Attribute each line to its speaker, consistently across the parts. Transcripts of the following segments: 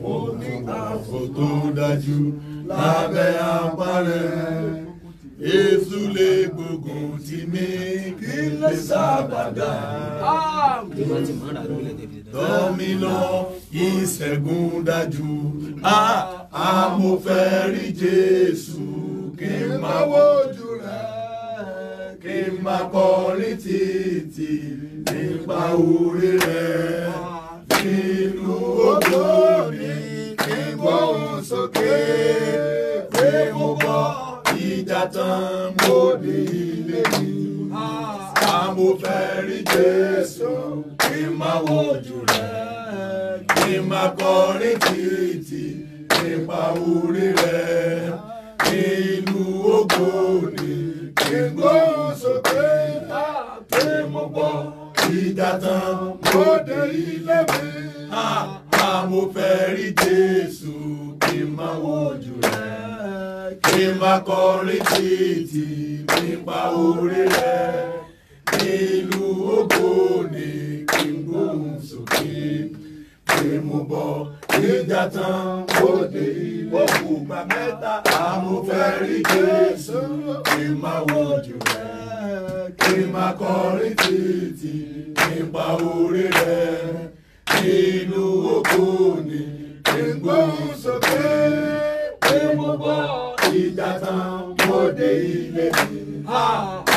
Speaker 1: mo ní ààbò tó dájú lábẹ́ apárẹ̀. Èṣù lè gbógun tì mí kí lè sábàdà. Dọ́mínà ìṣẹ́gun dájú, àmọ̀fẹ́ rí Jésù kí n máa wojú rẹ̀ kí n máa kọrin títì nípa orí rẹ̀ ìlú ògbó mi kí n gbóhùn sókè pé mo bọ́ ìjà tán mo dé ilé mi. Àmọ́ fẹ́ rí Jésù kí n máa wojú rẹ̀ kí n máa kọrin títì nípa orí rẹ̀ ìlú ògbó ni ìjà mo dé ilé mi. Mo fẹ́ rí Jésù kí n máa wojú rẹ̀. Kí n máa kọrin títì nípa orí rẹ̀. Nílùú Ògbóni kí n gbóhùn sókè. Kí mo bọ̀ ìjà tán mo dé ilé mi. Òkùnkà mẹ́ta. Mo fẹ́ rí Jésù kí n máa wojú rẹ̀ kí n máa kọrin títì nípa orí rẹ nínú oko ni kí n gbóhùn sókè pé mo bọ́ ìjà tán mo dé ilé mi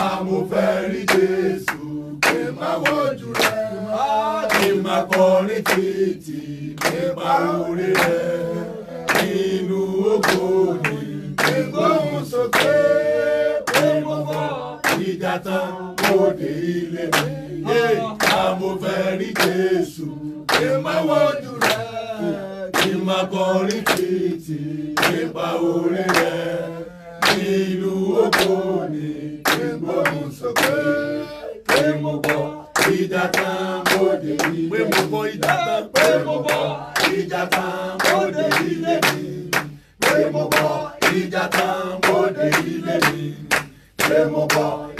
Speaker 1: àmúfẹ́ rí Jésù kí n máa rẹ kí n kọrin títì nípa orí rẹ nínú oko ni kí n ìjà tán mo dé ilé mi yé àmọ́ fẹ́ rí Jésù kí n má wojú rẹ̀ kí n má kọrin títì nípa orin rẹ̀ ní ìlú Ògbóni kí n gbóhùn sókè kí mo bọ̀ ìjà tán mo dé ilé mi pé mo bọ̀ ìjà tán pé ilé mi pé mo bọ̀ ìjà tán mo ilé mi pé mo bọ̀.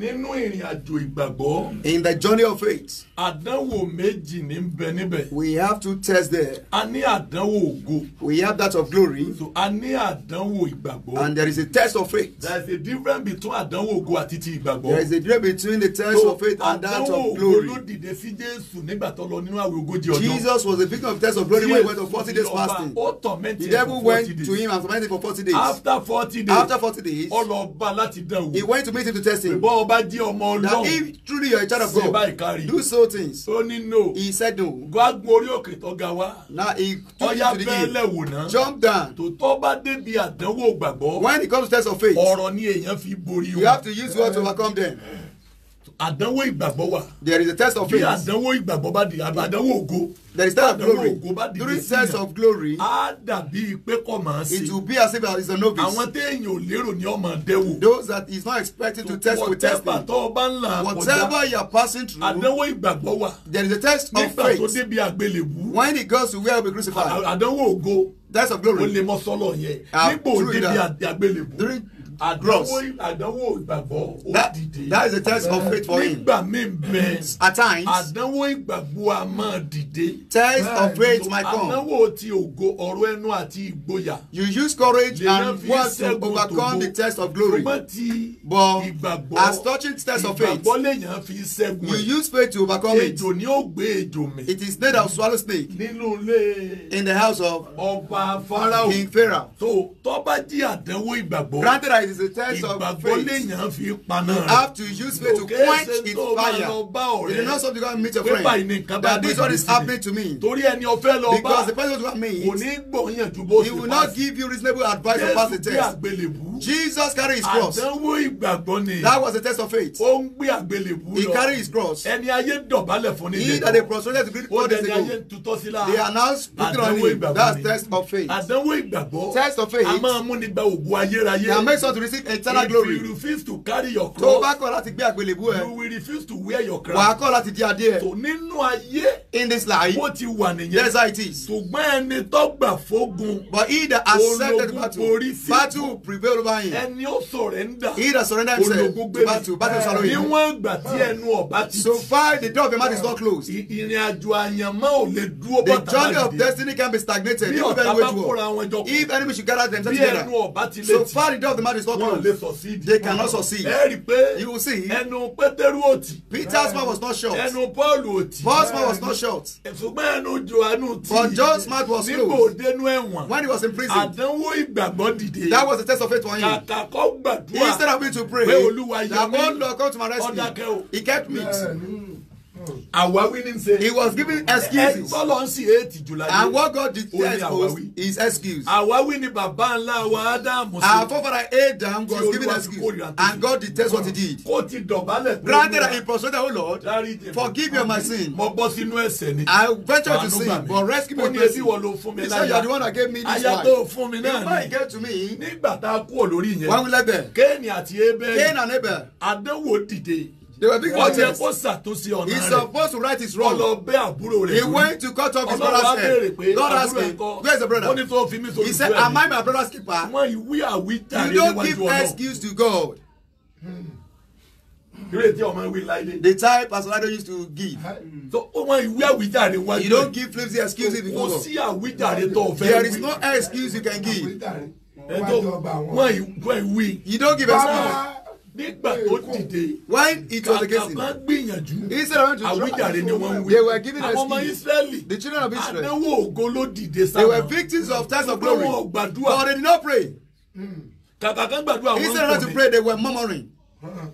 Speaker 1: nínú ìrìn àjò ìgbàgbọ́. in the journey of faith. àdánwò méjì ní bẹ níbẹ̀. we have to test there. a ní àdánwò ògo. we have that of glory. so a ní àdánwò ìgbàgbọ́. and there is a test of faith. there is a difference between àdánwò ògo àti ti ìgbàgbọ́. there is a difference between the test so, of faith and that of glory. àdánwò ògo ló dìde sí Jésù nígbà tó lọ nínú àwẹ̀ ogójì ọjọ́. Jesus was the victim of test of glory when he went on forty days fasting. ó tormented him for forty days. the devil went to him and tormented him for forty days. after forty days. after forty days. ó láti dán wò. he went to meet him to test him bá jẹ́ ọmọ Ọlọ́run. that if truly you are a child of God. ṣe báyìí kárí. do so things. ó ní no. he said no. gbàgbọ́ orí òkè tó ga wá. he took you to the hill. ọya bẹ́ẹ̀lẹ̀ wò ná. jump down. tòótọ́ bá débi àdánwò gbàgbọ́. when it comes to test of faith. ọ̀rọ̀ ni èèyàn fi borí wọn. you have to use words to overcome them àdánwò ìgbàgbọ́ wà. there is a test of faith. bí àdánwò ìgbàgbọ́ bá di àdánwò ògo. there is test of glory during test of glory. á dàbí pé kò máa ṣe. it will be as if it is a novice. àwọn téèyàn ò lérò ní ọmọ dẹ́wò. those that is not expected to test with testing. whatever tó bá ń là kọjá. whatever you are passing through. àdánwò ìgbàgbọ́ wà. there is a test of faith. nígbà tó débi àgbélébùú. when he goes to where he be crucified. àdánwò ògo. test of glory. o lè mọ sọlọ yẹn. nígbò débi àgbélébùú cross. àdánwò ìgbàgbọ́ ó that is the test of faith for him. nígbà mi bẹ. at times. àdánwò ìgbàgbọ́ a máa dìde. test of faith My come. àdánwò ti ògo ọ̀rọ̀ ẹnu àti ìgboyà. you use courage and words to overcome the test of glory. But as touching test of faith. ìgbàgbọ́ lèèyàn fi ṣẹ́gun. you use faith to overcome it. ejò ni ó gbé ejò mi. it is made of swallow snake. nínú ilé. in the house of. ọba farao. king pharaoh. so tọ́ba jí àdánwò ìgbàgbọ́. granted i is a test of faith. have to use faith to quench it fire. you do not stop to meet your friend. that this one is happening to me. torí ẹni ọ̀fẹ́ lọ bá. because the person who come meet. kò ní gbọ̀nyàn ju bó ṣe pass. he will not give you reasonable advice to pass the test. jesus carry his cross. àdánwò ìgbàgbọ́ ni. that was the test of faith. ó ń gbé àgbélébù lọ. he carry his cross. ẹni ayé dọ̀bálẹ̀ fún nílẹ̀. he that they prostrated to greet four days ago. ó dẹni ayé tutọ́ sí la. they announced victory on him. that's test of faith. àdánwò ìgbàgbọ́. test of faith. a máa múni gba ògùn ayérayé. na make sure to to receive eternal glory. if you refuse to carry your cross. tó o bá kọ̀ láti gbé àgbélébú ẹ. you will refuse to wear your crown. wà á láti di adé ẹ. so nínú ayé. in this life. bó ti wà nìyẹn. yes it is. ṣùgbọ́n ẹni tó gbà fógun. but he that accepted battle. ológun borí sí. battle prevail over him. ẹni ó surrender. he that surrender himself. ológun gbé battle battle sọ̀rọ̀ yìí. níwọ̀n ìgbà tí ẹnu ọ̀bá ti. so far the door of the man is not closed. ìrìn àjò àyànmọ́ ò lè dúró bọ́tà láti dé. the journey of destiny can be stagnated. bí ọ̀tá bá kóra wọn jọ. if enemy should gather themselves together. bí ẹnu ọ̀bá ti lè ti. so far the door of the man is stubborn. They cannot succeed. You will see. Ẹnu Pétérù òtì. Peter's mouth was not short. Ẹnu Pọ́ọ̀lù òtì. Paul's mouth was not short. Ṣùgbọ́n ẹnu Jòhánù tì. But John's mouth was closed. Níbo dénú ẹ̀wọ̀n. When he was in prison. Àdánwò ìgbàgbọ́ dìde. That was the test of faith for him. Kàkà kọ́ gbàdúrà. Instead of me to pray. Pé Olúwa yẹ mí. The Lord come to my rescue. Ọ̀dàkẹ́ o. He kept me àwáwí ni ṣe. he was giving excuses. bọ́lọ̀ ń sì eight july. and what God did yes was his excuse. àwáwí ni bàbá ńlá wa ádámù sí. our forefather adam was giving excuse and God did detest what he did. kó ti dọ̀bálẹ̀. granted i prostrate o oh lord forgive me my sin. mo bọ́ sínú ẹ̀ṣẹ̀ ni. i venture to sin but rescue me from ní ebi wọ ló fún mi láyà. he said you are the one that gave me this wife. aya tó fún mi náà ni. before he get to me. nígbà tá a kú ò lórí yẹn. wọ́n wí lẹ́bẹ̀ẹ́. kéènì àti ebẹ́ẹ̀. kéènì àti ebẹ́ẹ̀. àdánwò dìde wọ́n yẹ kó ṣàtúnṣe ọ̀nà rẹ̀. he supposed to write his wrong. he went to cut off his brother's head. God asked him where is the brother. ó ní tó fi mí sórí ìlú ẹ̀. he said am I my brother's keeper. wọ́n ìwé àwí tàrí níwájú ọ̀nà. you don't give excuse to God. ìrètí hmm. ọmọ ìwé láìdé. the type Pastor Lado used to give. so wọ́n ìwé àwíjàre wájú. you don't give flimsy excuses before God. see sí àwíjàre tó fẹ́. there is no excuse you can give. ẹjọ́ Why we? you don't give excuse nígbà tó dìde while it was against him kàkà gbìyànjú àwíjàre ni wọ́n wí àwọn ọmọ israẹli the children of israel àdánwò ògo ló dìde sáwọn they were victims of times of glory wọn ò but they did not pray hmm. kàkà kan gbàdúrà wọn kò ní instead of to pray they were murmuring. Uh-huh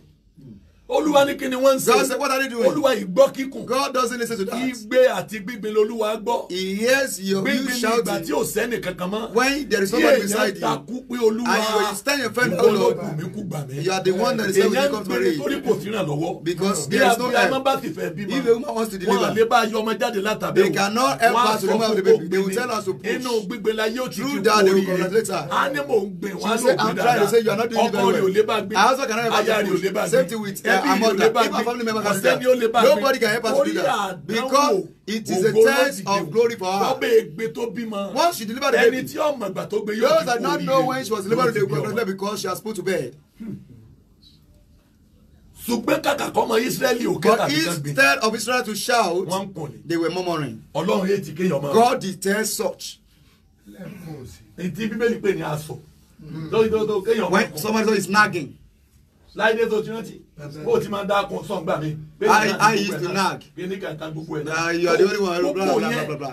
Speaker 1: olúwa ní kí ni wọ́n ń ṣe. God said what are you doing. olúwa ìgbọ́ kíkùn. God doesn't listen to that. igbe àti gbígbin lolúwa gbọ́. he hears your you shouting. gbígbin ìgbà tí ò sẹ́ni kankan mọ́. when there is somebody beside you. èèyàn takú pé olúwa. and you stand your friend hold up. olóògùn mi kú gbà mí. you are the one that is able to come to me. èèyàn gbére torí kò sí ìrànlọ́wọ́. because there is no help. bí abiyamọ bá ti fẹ́ bímọ. if a woman wants to deliver. wọn lè bá yọ ọmọ jáde látàbí. they cannot help her to remember the they will tell her to push. inú gbígbin la I'm older. If my family member can stand, nobody can help us do that. Because it is a test of glory for her. Once she delivered the baby, those that not know when she was delivered, they will because she has put to bed. Hmm. ṣùgbọ́n kàkà kọ́ ọmọ israẹli ò kẹ́ta bí kan but instead of Israel to shout. they were murmuring. ọlọ́run yéé ti kéèyàn mọ́. God detests such. ètí bíbélì pè ní aṣọ. Hmm. lórí tó tó kéèyàn mọ́. when somebody is nagging láyé tó ti rántí ó ti máa dá kun sọ̀ngbà mi. i i used to knack. gbẹ̀nìkà ta gbogbo ẹ̀ náà. ayọ̀ àdéhùn ìwà ẹ̀rọ bla bla bla bla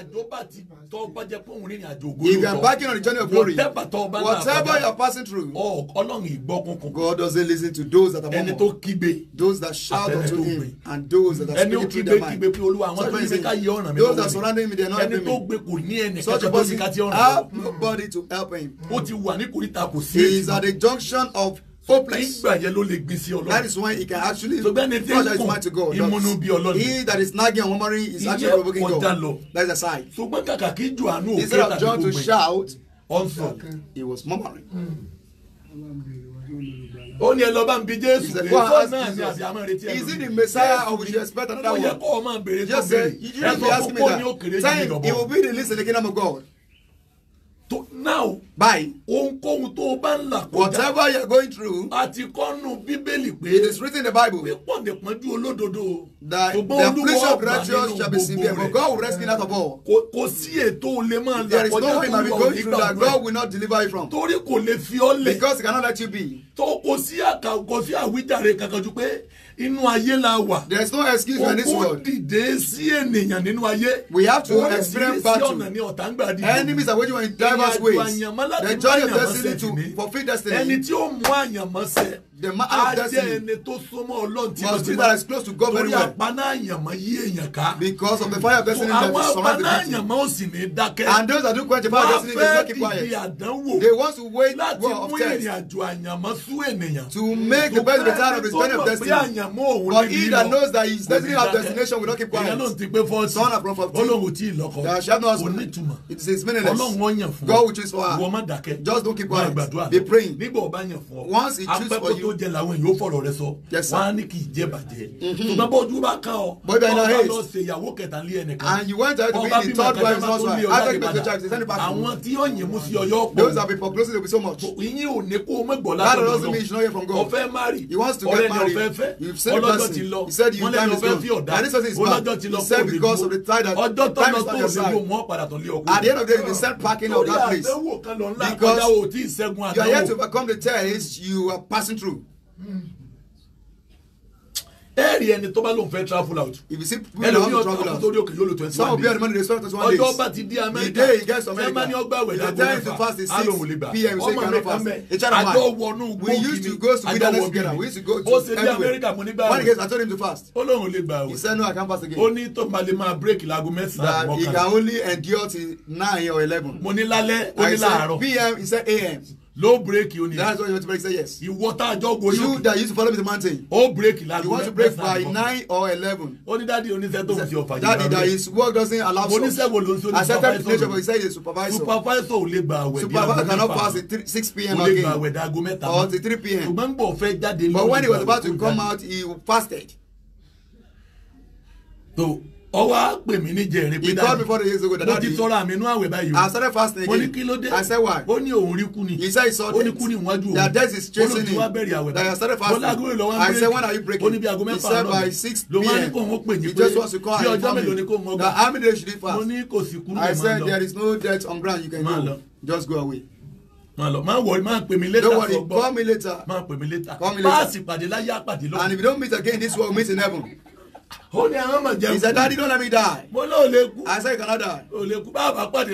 Speaker 1: àjò bá ti tọ́ bá jẹ́ pé òun
Speaker 2: rìnrìn àjò ògo lóòótọ́. if you backing on the
Speaker 1: journey of glory whatever tọ́ you are passing through. ọlọ́run ìgbọ́ kunkun. God doesn't listen to those that are murmur. ẹni tó kígbe. those that shout unto him and those that are speaking through their mind. ẹni tó kígbe kígbe pé olúwa àwọn tó ká yẹ ọ̀ràn mi lọ́wọ́ mi. those that surrounding me they are not helping me. ẹni tó gbé kò ní ẹnì kẹ́kẹ́ bọ́sì ká ti ọ̀ràn lọ. such a person have nobody to help him. ó ti wà ní kòríta kò sí. he is at the junction of hopeless. nígbà yẹn ló lè gbin sí ọlọ́run. that is when he can actually pressure his mind to go. ìmúnú bí ọlọ́run. he that is nagging on one is actually provoking God. iye ọjà lọ. that is a sign. ṣùgbọ́n kàkà kí jù àánú òkè tàbí gbogbo ẹ̀. instead of John to shout. also he was murmuring. ó ní ẹ lọ bá ń bi Jésù pé fún náà ni àbí àmọ́ is it the messiah or would you expect another one. ó yẹ kó o máa béèrè tó béèrè. ẹ sọ fún kó ní òkèrè yìí lọ́bọ̀. he will be the least in the kingdom of God to now. báyìí. ohunkóhun tó o bá ń là kọjá. whatever you are going through. àti kọ́nù bíbélì pé. it is written in the bible. pé pọ̀npọ̀njú olódodo the the affliction of righteous shall be severe but God will rescue out of all. There is sí ètò olè máa God will not deliver you from. because he cannot let you be. tó kò la wà. there is no excuse for this world. kókó dìde sí ènìyàn nínú ayé. we have to experience battle. enemies are waiting in diverse ways. the journey of destiny to fulfil destiny. ẹni tí ó mú àyànmọ́ the man of destiny. a ẹni tó súnmọ́ ọlọ́run ti wá. must be that is yí èèyàn ká. because of the fire of destiny that is surrounding the person. àwọn apanáyànmọ́ ò sì ní dákẹ́. and those that do quench the destiny they don't keep quiet. wọ́n fẹ́ ìdí àdánwò. they want to wait well of test. láti mú ìrìn àjò àyànmọ́ sún ènìyàn. to make the best return of the spirit of destiny. but he that knows that his destiny have destination will not keep quiet. ìyẹn ló ti pé fọ́ọ̀tì. son of prophet. olóhùn tí ì lọ́kọ. there shall no husband. onítùmọ̀. it is meaningless. ọlọ́run wọn yàn fún. God will choose for her. just don't keep quiet. be praying. ọ jẹ làwọn èèyàn ó rẹ sọ wọn á ní kì í jẹ bàjẹ́ mm-hmm. ṣùgbọ́n bó ojú bá kàn ọ́ ọba lọ ṣe ìyàwó kẹta lé ẹnìkan and you want to be the third wife first wife after you the child send it back àwọn tí yóò yẹn mú sí ọyọ́ pọ̀ those that be populated will be so much. ìyín ò ní kó o mọ̀ gbọ́ látọ̀ lọ́dọ̀ ọ̀fẹ́ mari ọ̀rẹ́ ni ọ̀fẹ́ fẹ́ ọlọ́jọ́ ti lọ wọ́n lẹ́nu ọ̀fẹ́ fi ọ̀dà ọlọ́jọ́ ti lọ kó o lè gbó ọjọ́ tó lọ tó o lè gbó padà tó lé ọkọ. at the end of the day you send packing of that place because you are yet to overcome the test you are passing through. Hmm. ẹ̀rì ẹni tó bá lóun fẹ́ travel out. ibi sí wíwọ́n lọ́wọ́ travel out ẹlòmíì ọ̀tọ̀ tó dókè yóò twenty one days. some of you are remaining in the twenty one days. ọjọ́ bá ti di Amẹ́ríkà ẹ̀ma ọgbà wẹ̀ dàgbò alóhùn lè gbà ọmọ mi kan bẹ àjọ wọnú gbòógì ni àjọ wọ̀gì ó ṣe ní Amẹ́ríkà mo nígbà rẹ̀ olóhùn lè gbà wẹ̀ ó ní tó ma lè máa break laago mẹ́sàn-án mọ́kànlá. he can only endure till nine or ló break you ni. that's why you want to break say yes. ìwọ water a go you. that used to follow me to mountain. ó break laago mẹ́ta you want to break by nine or eleven. Only ní dáàdi oníṣẹ́ tó ń ṣe ọ̀fà yìí. that his work doesn't allow so. oníṣẹ́ wo ló ń ṣe oníṣẹ́ supervisor. accepted nature but he said he is supervisor. supervisor ò lè gba àwẹ̀ supervisor cannot pass the three six pm again. ó lè gba àwẹ̀ dáago mẹ́ta. or the three pm. ṣùgbọ́n gbọ́ fẹ́ jáde lórí. but when he was about to come out he fasted. so ọwọ́ pè mí ní jẹ̀rin pé dáadé mo ti tọrọ àmì inú àwẹ̀ báyìí o mo ní kí ló dé ó ní òun rí kú ni ó ní kú ni ìwájú òun olùtí wa bẹ̀rẹ̀ àwẹ̀ báyìí mo lágbóyè lọ́wọ́ ń bẹ̀rẹ̀ ó ní bí aago mẹ́fà náà ló máa ní kó ń pè ní pé bí ọjọ́ mélòó ni kó ń gbà mo ní kò sí kúrú ẹ̀ máa ń lọ just go away máa lọ máa wọrí máa pè mí later don't worry call me later máa pè mí later paasi pàdé láyé àpàdé lọ. and if you don't meet again this world meet in heaven ó ní àwọn he said daddy don't let me die. mo náà ò lè kú. I said you cannot die. ò lè kú bá àbá pàdé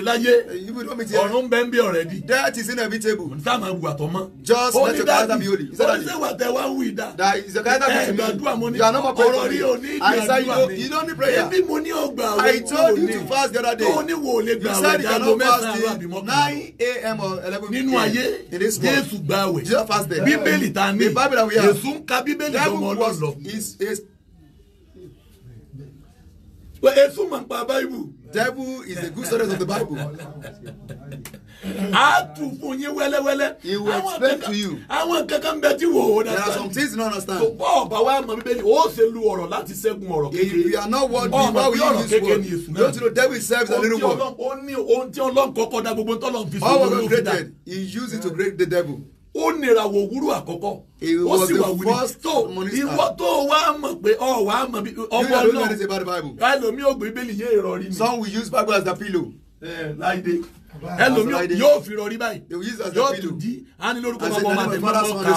Speaker 1: you don't meet here. ọ̀run bẹ́ẹ̀ ń bí already. death is in every table. n sáà máa wù àtọ̀ mọ́. just let your character be holy. he said daddy. oníṣẹ́ wà that. wá wù ìdá. that is your character that to me. ẹ̀ẹ́dàdúrà mo ní. you are not more pray for me. ọ̀rọ̀ rí o ní ìgbàdúrà mi. you don't need prayer. ebi mo ní ọgbà àwọn. I told you to fast the other day. o ní wo lè gbà àwọn ìjà lọ mẹ́sàn-án nine a.m. or eleven p.m. nínú that Jésù gbààwẹ̀ bíbélì ta ní Jésù ń ka bíbélì lọ́mọ ọlọ́ọ̀lọ́ èso mà ń pa Bible. devil is a good student of the bible. a tù fún yín wẹ́lẹ́wẹ́lẹ́. he will explain to you. àwọn kankan bẹ tí wo. ó there are some things you no understand. tó bọ́ ọ̀bà wa mọ̀ bíbélì ó ṣe lu ọ̀rọ̀ láti ṣẹ́gun ọ̀rọ̀ kékeré. if you are not word be why we use this word. don't you know devil serves a little word. ó ní ohun tí ọlọ́run kọ́kọ́ da gbogbo ntọ́lọ́run fi sọ́dọ̀ ló fi da. all was created he used it to create the devil ó nira wò òwúrọ̀ àkọ́kọ́ ó sì wà wuli tó ìwọ tó wà mọ̀ pé ọ wà mọ̀ bí ọmọ náà ẹlòmíì ògbé bẹ́ẹ̀lì yẹn ìrọ̀rí ni. some will use bible as their pillow. ẹ eh, láìdé ẹlòmíì yóò fi rọrí báyìí yóò tún di á ní lórúkọ bàbá ọmọ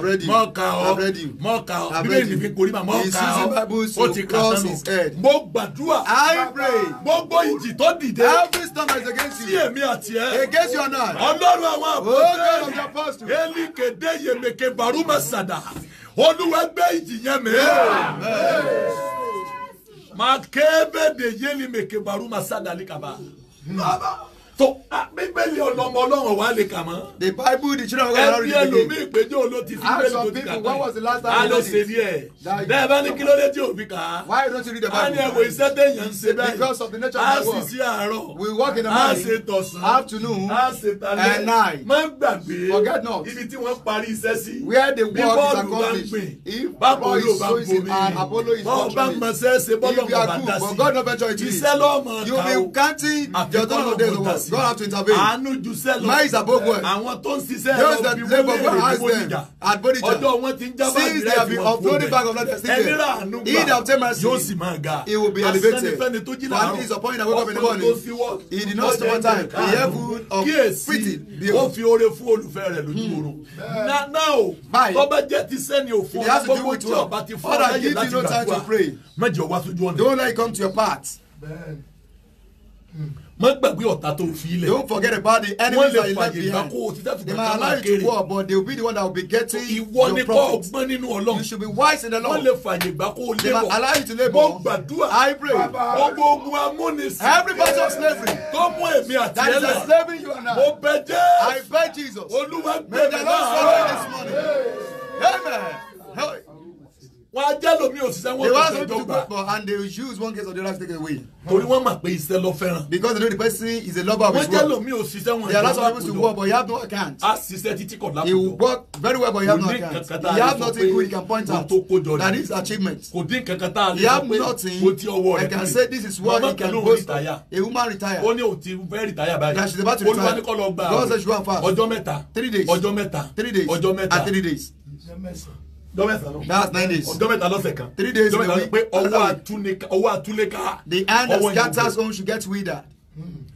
Speaker 1: àti mọ ká ọ mọ ká ọ mọ ká ọ mọ ká ọ bíbélì ní fi korí ma mọ ká ọ ó ti kà sánú mo gbàdúrà gbogbo ìjì tó dìde sí èmi àti ẹ ọlọ́run àwọn oh, àpótẹ́ elikede yemeke baruma sada olúwa gbé ìjì yẹn mi makebe de yeli meke baruma sada likaba. Mama! So, ah, bíbélì ọlọmọ ọlọ́run wa lè kà mọ́. the bible the children of God are reading. ẹbí ẹlòmíì péjọ ló ti fi bẹ́ẹ̀ ló ti kà tán. a lọ ṣe díẹ̀ bẹ́ẹ̀ bá ní kílódé tí òbí kà á. why don't you read the bible. a ní ẹ̀wọ̀ iṣẹ́ téèyàn ṣe báyìí. because of the nature of the world. a sì sí àárọ̀. we work in the morning. a ṣe tọ̀sán. afternoon. a ṣe talẹ́. and night. má gbàgbé. forget not. ibi tí wọ́n parí iṣẹ́ sí. where the work is accomplished. if ball is so easy and apollo is not true. if you are good but God no venture it you be counting your dollar days mercy. God have to intervene. Àánú ju sẹ́ lọ. Mine is above well. Àwọn tó ń ṣiṣẹ́ lọ bí wọ́n lè rí Bódìjà. At Bódìjà. Ọjọ́ wọn ti ń jábọ̀ ìrẹsì wọn. Since they have been uploading back of that estate. Ẹni ra àánú gbà. He that obtain mercy. Yóò sì máa ga. He will be elevated. Àṣẹ́nifẹ́ni tó jìnnà àrùn. One is upon him that wake up in the morning. Ọkùnrin tó sí work. He did not stop on time. He help food of fitting. Kíyèsí ó fi oore fún olùfẹ́ rẹ̀ lójú hmm. oorun. now, o, tọ́ba jẹ́ ti sẹ́ni òfin. He has to do with work. Father, give me no time to pray. Mẹ́jọ wá sójú ọ̀nà. Don't let come to your part má gbàgbé ọ̀tá tó fi ilẹ̀. don't forget about the enemies that you left behind. wọ́n lè fàyè gbà kó o ti tẹ́tù kéré. they may allow you to war but they will be the one that will be getting your profit. ìwọ ni kó ọgbọ́n nínú ọlọ́run. you should be wise in the Lord. wọ́n lè fàyè gbà kó they will allow you to labour. mo gbàdúrà. I pray. gbogbo ogun amúnisìn. every battle of slavery. tó mú èmi àti ẹlẹ. that is enslaving you and I. mo bẹ jẹ́. I beg Jesus. olúwa gbẹ̀mí náà. may the Lord save you this morning. amen wọ́n á jẹ́ lómi òṣìṣẹ́ wọn kò ṣe dọ́gba. and they use one case or the other to take away. torí wọ́n mọ̀ pé iṣẹ́ lọ fẹ́ràn. because they know the person is a lover of his work. wọ́n jẹ́ lómi òṣìṣẹ́ wọn. there are lots of to work but you have no account. a ṣiṣẹ́ títí kọ̀ lápò. he work very well but you have no account. he have nothing good he can point out. that is achievement. kò dín kankan tá a lè sọ pé kò tí ọwọ́ rẹ̀ pé. I can say this is what he can boast. a woman retire. ó ní o ti fẹ́ retire báyìí. that she is about to retire. olúwa ní kọ́ lọ gbà. God says she go fast. ọjọ́ mẹ́ta. three days. ọjọ́ mẹ́ta. three days. ọjọ́ mẹ́ta. and three days dọ́mẹ̀sán lọ. that's nine days. dọ́mẹ̀ta lọ́sẹ̀ kan. three days in a week. pé ọwọ́ àtúnlé ká. the hand that scatters own should get withered.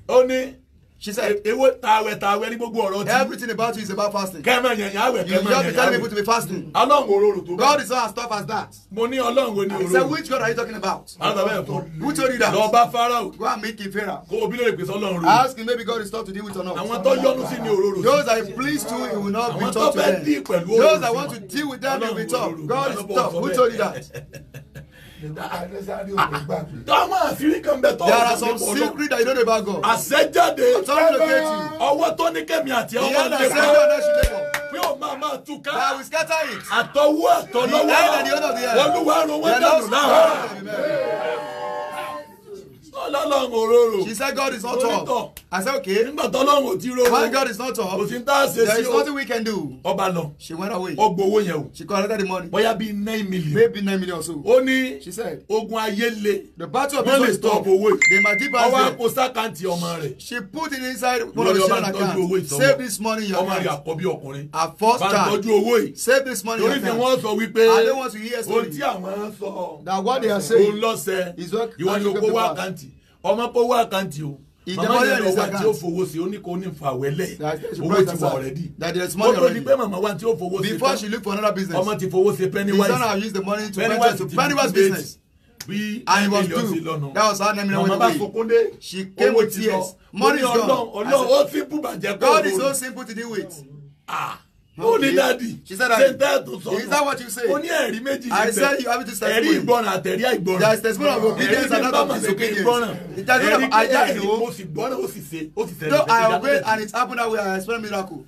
Speaker 1: ó ní She said, e-, Ewo tàwẹ̀ tàwẹ̀ ní gbogbo ọ̀rọ̀ ti. Everything about you is about fasting. Kẹ́mẹ̀ yẹn yẹn àwẹ̀ kẹ́mẹ̀ yẹn yẹn àwẹ̀. You just be telling people to be fasting. Ọlọ́run wo rorò God is not as tough as that. Mo ní Ọlọ́run wo ni I said which God are you talking about? Àgbà bẹ́ẹ̀ fọ. Who told you that? Lọ bá Pharaoh. Go and meet King Pharaoh. Kó o bí lóore pèsè Ọlọ́run rorò. Ask him maybe God is tough to deal with or not. Àwọn tó yọ́nú sí ni òróró. Those that he pleased to he will not be tough to them. Those that want to deal with them will be tough. God is tough. Who told you that? táwọn àṣírí kan bẹ tọ́ ọ̀rọ̀ mi bọ̀ lọ àṣẹjáde ọwọ́ tó ní kẹ́mi àti ọwọ́ lè bọ̀ pé o máa máa tú ká. that we scatter it. àtọwọ́ àtọlọ́wọ́ olúwa ro wọ́n dànù
Speaker 2: náà
Speaker 1: ọlọ́run ò she said God is not tall. I said okay. nígbà tó ọlọ́run ò ti rorò. when God is not tall. kò sí tá a ṣe sí o. there is nothing we can do. ọba lọ. she went away. ó gbowó yẹn o. she collected the money. bóyá bíi nine million. maybe nine million or so. ó ní. she said. ogun ayé le. the battle of people. soul is tough. wọ́n lè stop owó yìí. the magic pass there. ọwọ́ àpò sákàǹtì ọmọ rẹ̀. she put it inside one of the children account. save this money in your hand. ọmọ rẹ̀ àkọ́bí ọkùnrin. her first child. bá owó yìí. save this money your hand. torí fi wọ́n sọ wípé. I don't want to hear story. ohun tí àwọn sọ. that what they are saying ọmọ kó wá àkáǹtì o mama yẹn lọ wá tí ó fowó sí ó ní kó ní fa wẹ́lẹ̀ owó ti wà ọ̀rẹ́dì ó tó di pé mama wá tí ó fowó sí before she look for another business ọmọ ti fowó sí Pennywise Pennywise business bí nine million sí lọ́nà that was how nine million went away mama bá fokúndé owó ti money is gone ọlọ́run ó simple bàjẹ́ kó o God is so simple to deal with. Ah ó ní dadi ṣe tẹ́ ẹ̀ tó sọ́nù ó ní ẹ̀rí méjì níbẹ̀ ẹ̀rí ìgbọràn àtẹ̀rí àìgbọràn ẹ̀rí mi bá mà sókè ìgbọràn ẹ̀rí ayé ìwò mo sì gbọ́ràn ó sì ṣe ó sì tẹ̀lé tẹ̀lé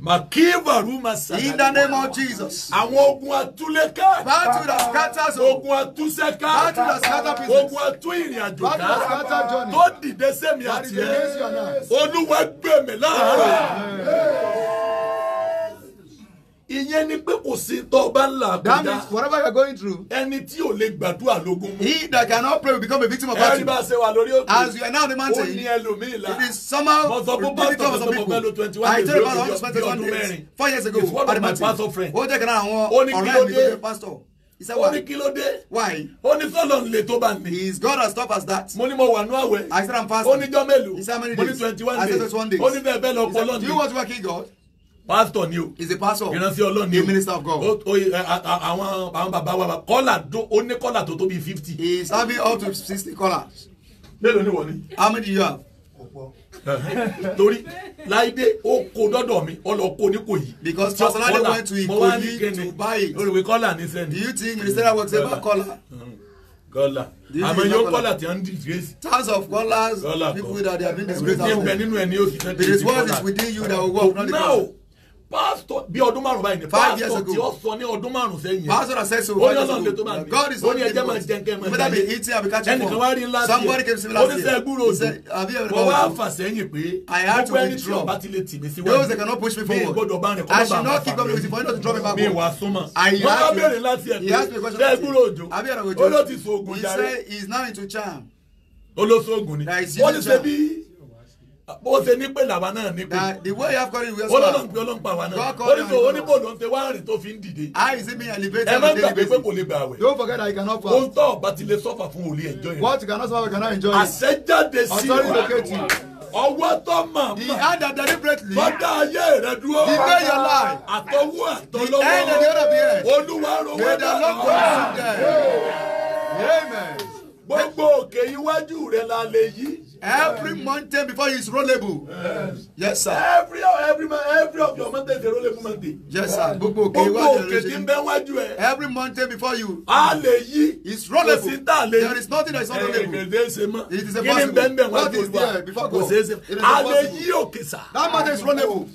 Speaker 1: Makivaru Masada. In the name of Jesus. Àwọn ogun atúléká. Battle that scatters. Ogun atúsẹ́ká. Battle that scatters business. Ogun atú ìrìn àjò ká. Battle that scatters journey. Tó dìde sẹ́mi àti
Speaker 2: ẹ̀.
Speaker 1: Olúwa gbẹ̀mí
Speaker 2: láàárọ̀
Speaker 1: ìyẹn ni pé kò sí tọ́ ọba ńlá àkúdá. that means whatever you are going through. ẹni tí ò lè gbàdúrà lógún he that cannot pray will become a victim of battle. ẹni bá ṣe wà lórí òkè. as you are now the mountain. ó ní ẹlòmíì la. it is somehow repeated for some i tell you about one person one day four years ago at the pastor. He said, Why? Ó ní kí Why? Ó ní sọ́lọ̀ lè tó mi. He God has tough as that. Mo ní mo wà ní àwẹ̀. I said I'm fasting. Ó ní jọ́ He said how many days? Mo twenty one days. I said twenty one days. Ó ní bẹ́ẹ̀ bẹ́ẹ̀ lọ pọ̀ lọ́nà. Do you want to work in God? pastor ni o. he's a pastor. ìránṣẹ́ ọlọ́run ni o. a minister of God. o àwọn àwọn bàbá wa kọ́là ó ní kọ́là tó tóbi fifty. he is having up to sixty collars. mélòó ni wọ́n ní. how many you have? ọ̀pọ̀. torí láìdé ó kó dọ́dọ̀ mi ọlọ́kọ ní kò yìí. because pastor went to Ikoyi to buy it. olùwé kọ́là ní sẹ́ni. do you think ministerial works ever kọ́là? Mm-hmm. kọ́là àmọ́ yóò kọ́là tí wọ́n ń disgrace. tons of callers people that they have been disgraced. ìgbésẹ̀ nínú ẹ̀ ní òsì tẹ́tẹ́ ìdí kọ́là. the response is within you that will work now pastor bí ọdún márùn báyìí ni pastor tí ó sọ ní ọdún márùn sẹ́yìn yẹn pastor said so five years ago God is only ẹjẹ máa jẹun kẹmọ ẹjẹ mi ẹnìkan wá rí ńlá tiẹ̀ oníṣẹ́ gbúrò òdu mo wá fà sẹ́yìn pé gbogbo ẹni tí ọba ti lè tì mí síwájú mi gbọ́dọ̀ bá rìn kọ́ bá bá mi wà súnmọ́ wọ́n bá bẹ̀rẹ̀ láti ẹ̀ pé ṣẹ́ gbúrò òjò ó ló ti so oògùn jàre olóṣoògùn ni wọ́n ti ṣe bí bó ṣe ní pé làwa náà ní pé. the way you have called it we are so. olóńgbé olóńgbà wa náà oníṣòwò oníbò ló ń tẹ wá rìn tó fi ń dìde. Ah, a yìí sí mi elevated pé kò lè gbà wẹ̀. don't forget that you cannot fast. ohun tó ọba ti lè sọ́fà fún olè ẹ̀jọ́ yẹn. what you cannot suffer you cannot enjoy. àṣẹjáde sí wa ọwọ́ tó mọ̀ mọ̀. the hand that deliberately. bọ́dà ayé rẹ dúró. the way your life. àtọwọ́ àtọlọ́wọ́. the end of the other beard. olúwa rowọ́ náà. may the lord bless amen. gbogbo òkè iwájú rẹ la lè yí. Every mountain before you is rollable. Yes. yes sir. Every every every of your mountain is a rollable mountain. Yes sir. Gbogbo òkè iwájú rẹ. Every mountain before you. A lè yí. Is rollable. There is nothing that is not rollable. Kèké ṣe mọ́. It is a possible. Kí ni bẹ́ẹ̀ bẹ́ẹ̀ wá tó wá? Kò ṣeé ṣe. A lè yí òkè sá. That mountain is rollable.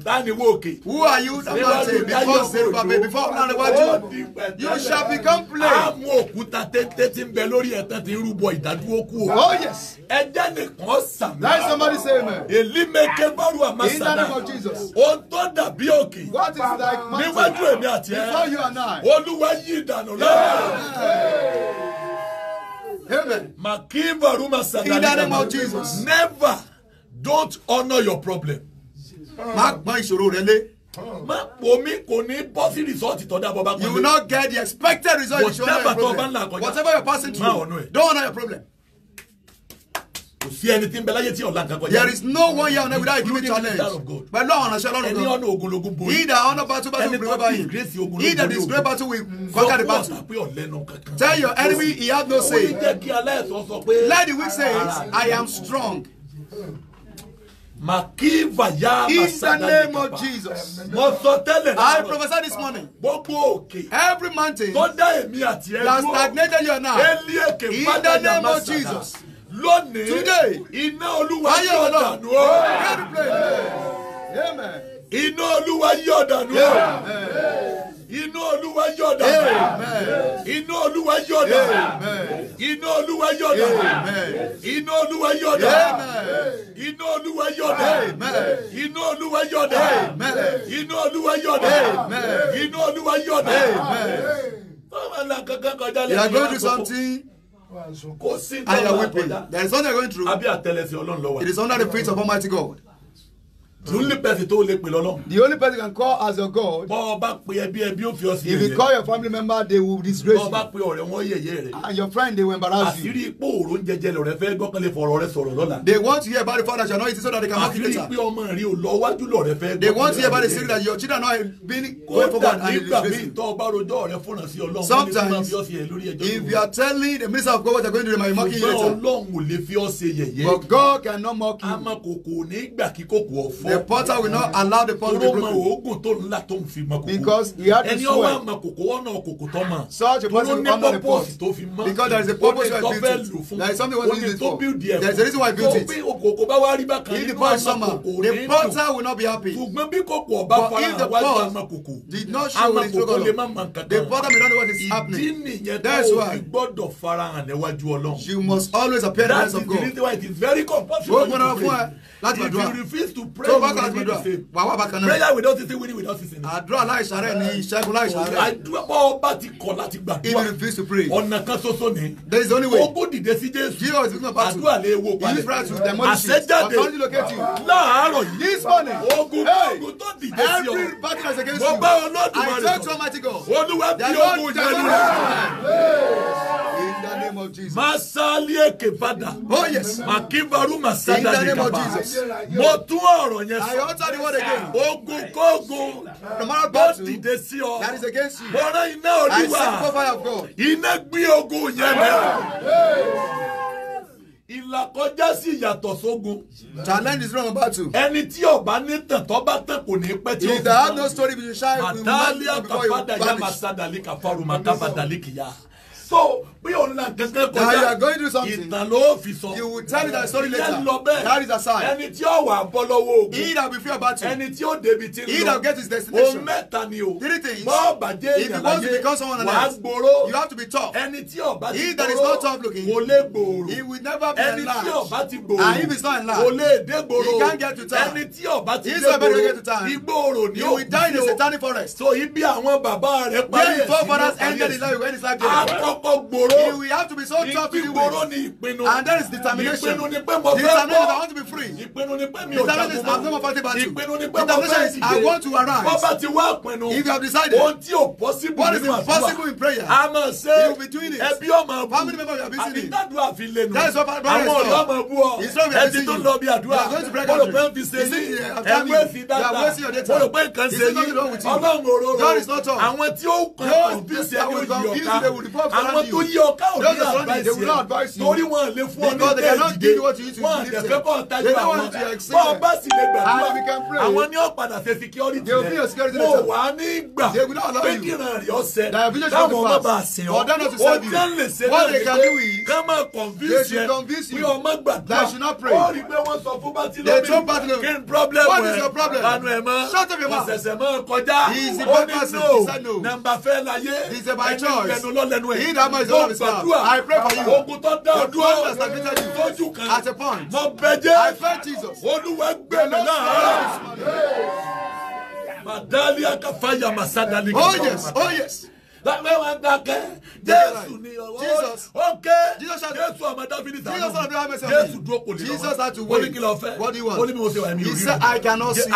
Speaker 1: Ìtàní wo òkè. Who are you? That mountain before Zerubbabel before Ọ̀nà Iwájú. You shall become plain. A mú òkúta téńté tí ń bẹ lórí ẹ̀tàn ti rúbọ ìdádúró kú o. Oh yes. Ẹ jẹ́ kẹ́nìkan sàmì. let somebody say amen. èlí mẹ́kẹ́ bọ́ọ̀rù àmà sàmì. in the name of Jesus. ohun tó dàbí òkè. what is like mountain. níwájú èmi àti ẹ. before you and I. olúwa yí ìdànù lẹ́yìn. amen. màkìbọ̀rù mà sàmì. in the name of Jesus. never don't honour your problem. má gbọ́n ìṣòro rẹ lé. Má omi kò ní bọ́ sí result tó dábọ̀ bá kọ́lé. You will not get the expected result. Whatever tó bá Whatever you're passing through. Má ọ̀nà ẹ̀. Don't honour your problem kò sí ẹni tí ń bẹ láyé tí ọ̀la kan kọjá. there is no one here on earth without a challenge pẹ̀lú àwọn ọ̀ránṣẹ́ ọlọ́run kan. ẹni ọ̀nà ogunlogun borí. he that honour battle battle will remember him. he that is great battle will conquer the battle. tell your enemy he has no say. let the weak say I am strong. Makiva ya In the name of Jesus. Mo sọ tẹ́lẹ̀ náà. I prophesy this morning. Gbogbo òkè. Every mountain. Tó dá èmi àti ẹ̀rú. That stagnated your now. Eli èkè padà yà máa In the name of Jesus lónìí today iná olúwa yóò dànù ó iná olúwa yóò dànù ó iná olúwa yóò dànù iná olúwa yóò dànù iná olúwa yóò dànù iná olúwa yóò dànù iná olúwa yóò dànù iná olúwa yóò dànù iná olúwa yóò dànù iná olúwa yóò dànù. báwo la kankan kọjá lẹ́yìn àkókò. you are going to do something kò sí ní ọlọ́run àkọjá àbí àtẹlẹsẹ̀ ọlọ́run ló wà. it is under the feet of Almighty God the only person tó lè pè lọ́lọ́. the only person can call as your God. if you call your family member they will disgrace you. and your friend they will embarrass you. they want to hear about the father shall not eat so that they can mock you later. they want to hear about the secret that your children are not being going forward and disgracing. sometimes if you are telling the minister of God what you are going to do they might be mocking you later. but God cannot mock you. àmọ́ The potter will not allow the pot to be broken. Because he had to swear. Such a person will honor the pot. Because there is a purpose you are building. There is something you want to it for. There is a reason why I built it. tó the kòkó bá wá The potter will not be happy. ṣùgbọ́n bí kòkó ọba did not show the struggle. The potter may not know what is happening. ìdí nìyẹn tó You must always appear in the eyes of God. that is the reason why it is very compulsory láti gbàdúrà. if you refuse to pray will be the same. wàá wà bákan náà. prayer without ceasing winning without ceasing. àdúrà láìsàárẹ̀ ni ìṣẹ́gun láìsàárẹ̀. àdúrà bọ́ ọba ti kọ̀ láti gbàdúrà. if you to pray. ọ̀nà kan ṣoṣo ni. there is only way. ogún dìde sí Jésù. Jesus is not back to. àdúrà lè wo palẹ̀. he is right to demolish it. àṣẹjáde láàárọ̀ yìí. this morning. ogun ogun tó dìde sí ọ. every battle is against you. mo bá Olódùmarè. I tell you almighty God. Olúwa bí ogun ìjẹun rẹ̀. in the name of Jesus. masalieke fada. oh yes. makibaru masada ni in the name of Jesus. mo tún ọ̀rọ̀ y I utter the word again. Ogun kógun. No matter what dìde sí ọ. That is against you. Mo rán iná Olúwa. I send the fire of God. Iná gbé ogun yẹn náà ìlàkọjá sí ìyàtọ̀ sógun. challenge is not about battle. ẹni tí ọba ní tàn tó tàn kò ní pẹ́ tí ó fi hàn. if there are no story between shine and man before you vanish. àtàlẹ́ àtàfàdà yà máa sadàlí kàfàrùmà kábàdàlí so bí òun náà kankan kọjá. now you are going to do something. ìtàn fi sọ. you will tell me that story later. ìyẹn lọ bẹ́ẹ̀. that is aside. ẹni tí ó wà bọ́ lọ́wọ́ ogun. he that will fear battle. ẹni tí ó débi ti lọ. he that get his destination. o mẹ́ta ni o. three things. bọ́ bàjẹ́ ìyàlàyé. if you want to become someone else. wàá gbòòrò. you have to be tough. ẹni tí ó ti gbòòrò. he that is not tough looking. he will never be enlarged. ẹni tí ó ti gbòòrò. and if he is not enlarged. kò lè dé gbòòrò. he can't get to town. ẹni tí ó bá ti dé gbòòrò. igbóòrò ni ó. he will die in a satanic forest. so ibi àwọn bàbá rẹ̀ parí ẹ̀ kọ́kọ́ gbòòrò. we have to be so tough to the way. ìgbòòrò ìpinnu. and there is determination. ìpinnu ni pé mo fẹ́ bọ́. determination I want to be free. ìpinnu ni pé mi ò jagun mọ́. ìpinnu ni pé mo fẹ́ ìdíje. I want to arise. bọ́ ti wá pinnu. if you have decided. ohun tí ò possible nínú àdúrà. what is impossible in prayer. a máa ṣe. you will be doing it. ẹbí ọmọ bú. family members are visiting. àti dàdúrà fi lé that is what my brother is for. àwọn ọ̀dọ́ ọmọ bú ọ. it's not very easy. You are going to break bọ́lọ̀ pé ń fi ṣe yìí. ẹgbẹ́ fi dáadáa. bọ́lọ̀ pé nǹkan ṣe yìí àwọn tó yí ọká ò ní advice torí wọn lè fún ọ ní bẹ́ẹ̀ dìde wọn àtẹ̀fẹ́ kọ́ ọ̀tajú àwọn bọ́ ọ bá sì lè gbàdúrà ah, àwọn ní ọ̀padà ṣe security rẹ̀ mo wà ní gbà pé kíran rẹ̀ ọ̀sẹ̀ káwọn ọmọ bá ṣe ọ́ ó jẹ́ lè ṣe náà ní ká máa convince yẹn pé ọmọ gbàdúrà ó rí pé wọ́n sọ fún bátìlómi kí n problem rẹ̀ lanu ẹ̀ mọ́ ọ̀sẹ̀sẹ̀ mọ́ kọjá ó ní no nàmbà fẹ́ láyé ẹni ìgbẹ́nu lọ́lẹ́nu ẹ̀. Adama is not his I pray for you. Ogun tó dá ojú ọ̀rọ̀ lójú kan. At a point. Mo bẹ jẹ́. I fẹ́ Jesus. Olúwa gbẹ̀mí náà. Madalia kafaya masadali. Oh yes, oh yes lámẹ́wàá dákẹ́ jésù ni ọwọ́ òkè jésù ọmọ dáfídì sàánú jésù dúró kò lè lọ́wọ́ oníkìlọ̀ fẹ́ onímọ̀ ṣe wà ní orí rẹ̀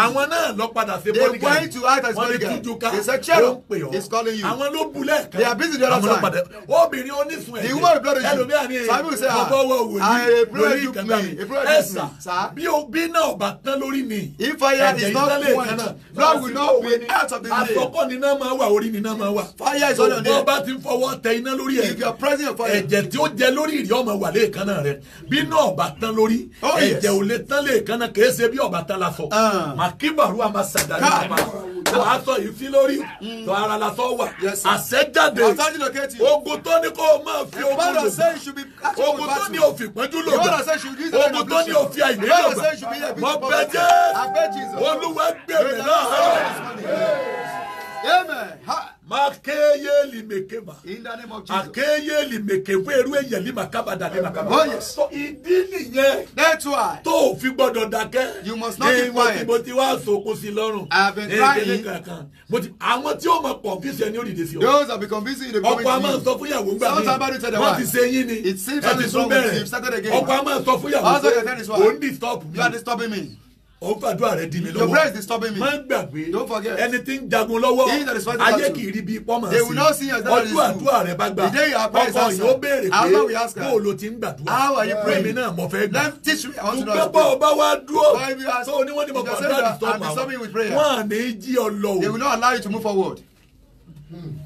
Speaker 1: àwọn náà lọ padà sí bọ́lígà wọ́n ní tújú ká ó ń pè ọ́ àwọn ló bulẹ̀ àwọn ló padà obìnrin onísun ẹ̀jẹ̀ ẹlòmíà ni ọgbọ́ wọ wòlíì lórí ìkànnà ẹ̀sà bí bí náà bá tán lórí mi ẹ̀jẹ̀ ìtàlẹ̀ ìkànnà lọ́wọ́ ìnáwó àtọkọ́ ni náà máa wà orí ni náà máa wà eyes on your neck. bó bá ti fọwọ́ tẹ iná lórí ẹ̀. you are your fire. ẹ̀jẹ̀ tí ó jẹ lórí ìrì ọmọ wà léèkánná rẹ bí náà bá tán lórí oh, ẹ̀jẹ̀ ò lè tán léèkánná kì í ṣe bí ọ̀bà tán la fọ. Ah. màkìbàrú àmà sàdáyé àmà tó a sọ yìí sí lórí tó mm. ara la sọ wà. àṣẹjáde ogun tó ní kó o máa fi ogun lò ogun tó ní òfin pẹ́jú lò gbà ogun tó ní òfin àìlè lò gbà mọ bẹ jẹ́ olúwa gbèrè náà. Amen. Makeye limekeba. In the name of Jesus. eru eyan limakaba dade So ìdí nìyẹn. That's why. Tó o fi gbọ́dọ̀ dákẹ́. You must not be quiet. Ní mo ti wá sokun sí lọ́rùn. I have been trying. Ní ìgbà kan. Mo ti àwọn tí ó mọ confuse ẹni ó dìde o. Those that be confusing Ọkọ a máa sọ fún ìyàwó gbà mí. Sometimes ti ṣe yín ni. It seems that it's wrong with Started again. Ọkọ a máa sọ fún ìyàwó pé. Also, your friend is what? You are disturbing me ó gbàdúrà rẹ di mi lọ́wọ́. your prayer is disturbing me. máa gbàgbé don't forget. ẹni tí ń jagun lọ́wọ́ ayé kì í rí bí pọ́nmọ̀ sí. they will not see you as that is true. rẹ bá gbà. the day your prayer is answered. ọkọ yóò béèrè pé kó o lo ti ń gbàdúrà. how are you praying. èmi náà mo fẹ́ gbà. let me teach me how to know. that. dùgbọ́pọ̀ ọba wa dúró. so ni mo gbàdúrà disturb àwọn. wọ́n they will not allow you to move forward. Hmm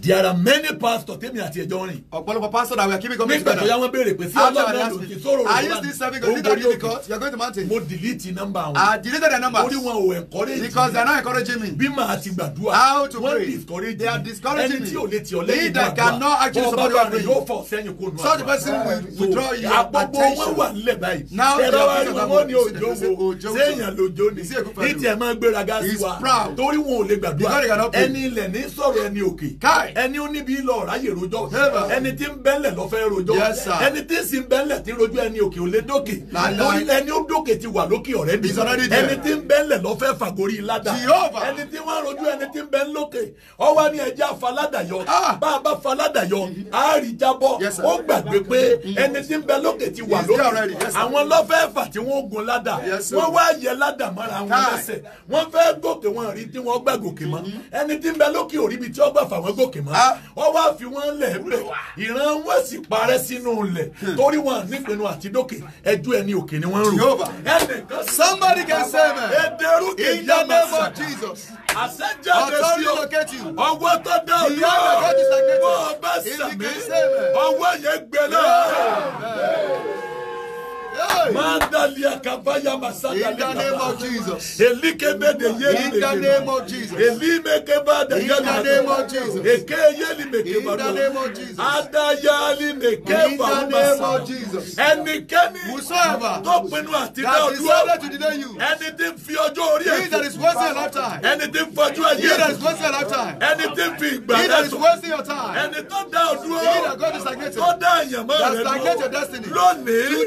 Speaker 1: there are many pastors tèmi àti ẹjọ rìn. ọ̀pọ̀lọpọ̀ pastor that we are keeping company together. nígbà tó yà wọ́n béèrè pé sí ọlọ́run náà lòdì sóró rẹ̀ are you still serving God leader you because you are going to mountain. mo delete number wọn. I deleted their numbers. orí wọn ò encourage me. because they are not encouraging me. bí màá ti gbàdúrà. how to pray wọ́n discourage me. they are discouraging me. ẹni tí ò lè ti ọ lẹ́yìn gbàdúrà. leader cannot actually support your prayer. yóò fọ sẹ́yìn kó nù. such a person will ah, withdraw your attention. àpòpò wọn wà nílẹ̀ báyìí. now ẹ̀rọ wa ni wọ́n ní òjò wo sẹ́yìn oh, lójó ni. ní tiẹ̀ máa gbéraga sí wa torí wọn ò ẹni oníbi lọ ráyè rojọ́ ẹni tí ń bẹ́lẹ̀ lọ fẹ́ rojọ́ ẹni tí ń sin bẹ́lẹ̀ tí rojọ́ ẹni òkè òlé dókè lórí ẹni ó dókè ti wà lókè ọ̀rẹ́ bí ẹni tí ń bẹ́lẹ̀ lọ fẹ́ fàgórí ládà ẹni tí wọ́n rojọ́ ẹni tí ń bẹ́ lókè ọwọ́ ni ẹja falada yọ ah. bá a bá falada yọ a rí jábọ́ ó gbàgbé pé mm-hmm. ẹni tí ń bẹ lókè ti wà lókè àwọn lọ́fẹ́ fà tí wọ́n gun ládà wọ́n wá yẹ ládà mọ́ra wọn lẹ́sẹ̀ wọ́n fẹ́ gòkè wọn rí tí wọ́n gbà gòkè mọ́ mm-hmm. ẹni tí ń bẹ lókè òríbi tí wọ́n gbà òkè mọ́ ah. wọ́n wá fi wọ́n lẹ̀ bẹ̀ ìran wọn sì parẹ́ sínú ilẹ̀ hmm. torí wọn nípinnu àti dókè ẹjọ́ ẹni òkè ni wọ́n ń rò somebody can say man ederu kì í yá mẹ́fà àṣẹjáde sí o ọwọ́ tó dá o yá o bọ́ ọ bá sàmì ọwọ́ yẹn gbẹ náà. In the name of Jesus. In the name of Jesus. In the name of Jesus. In the name of Jesus. In the name of Jesus. Adayali mekeba umasa. Ẹnikẹ́ni tó pinnu àti dá ọdún. Ẹni tí ń fi ọjọ́ orí ẹ̀ fún. Ẹni tí ń fọjú ayé ẹ̀. Ẹni tí ń fi ìgbà rẹ̀ sùn. Ẹni tó dá ọdún. Tó dá àyànmọ́ rẹ̀ lọ. Lónìí.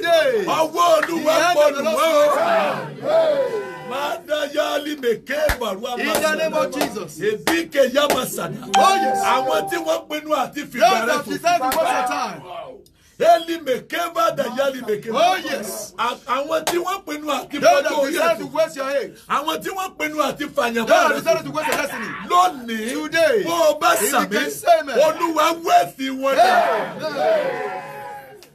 Speaker 1: ọwọ́ olúwa pọ̀lú wọ́n Ebike Yamasada. Àwọn tí wọ́n pinnu àti fìgbà rẹ̀ fò eli mekeva da yali mekeva. oh yes. àwọn tí wọ́n pinnu àti fọ́tò orí ẹ̀sìn. àwọn tí wọ́n pinnu àti fàyàmọ́. they are lónìí. bó o bá sàmì. olúwa wẹ́ẹ̀sì wọn dà.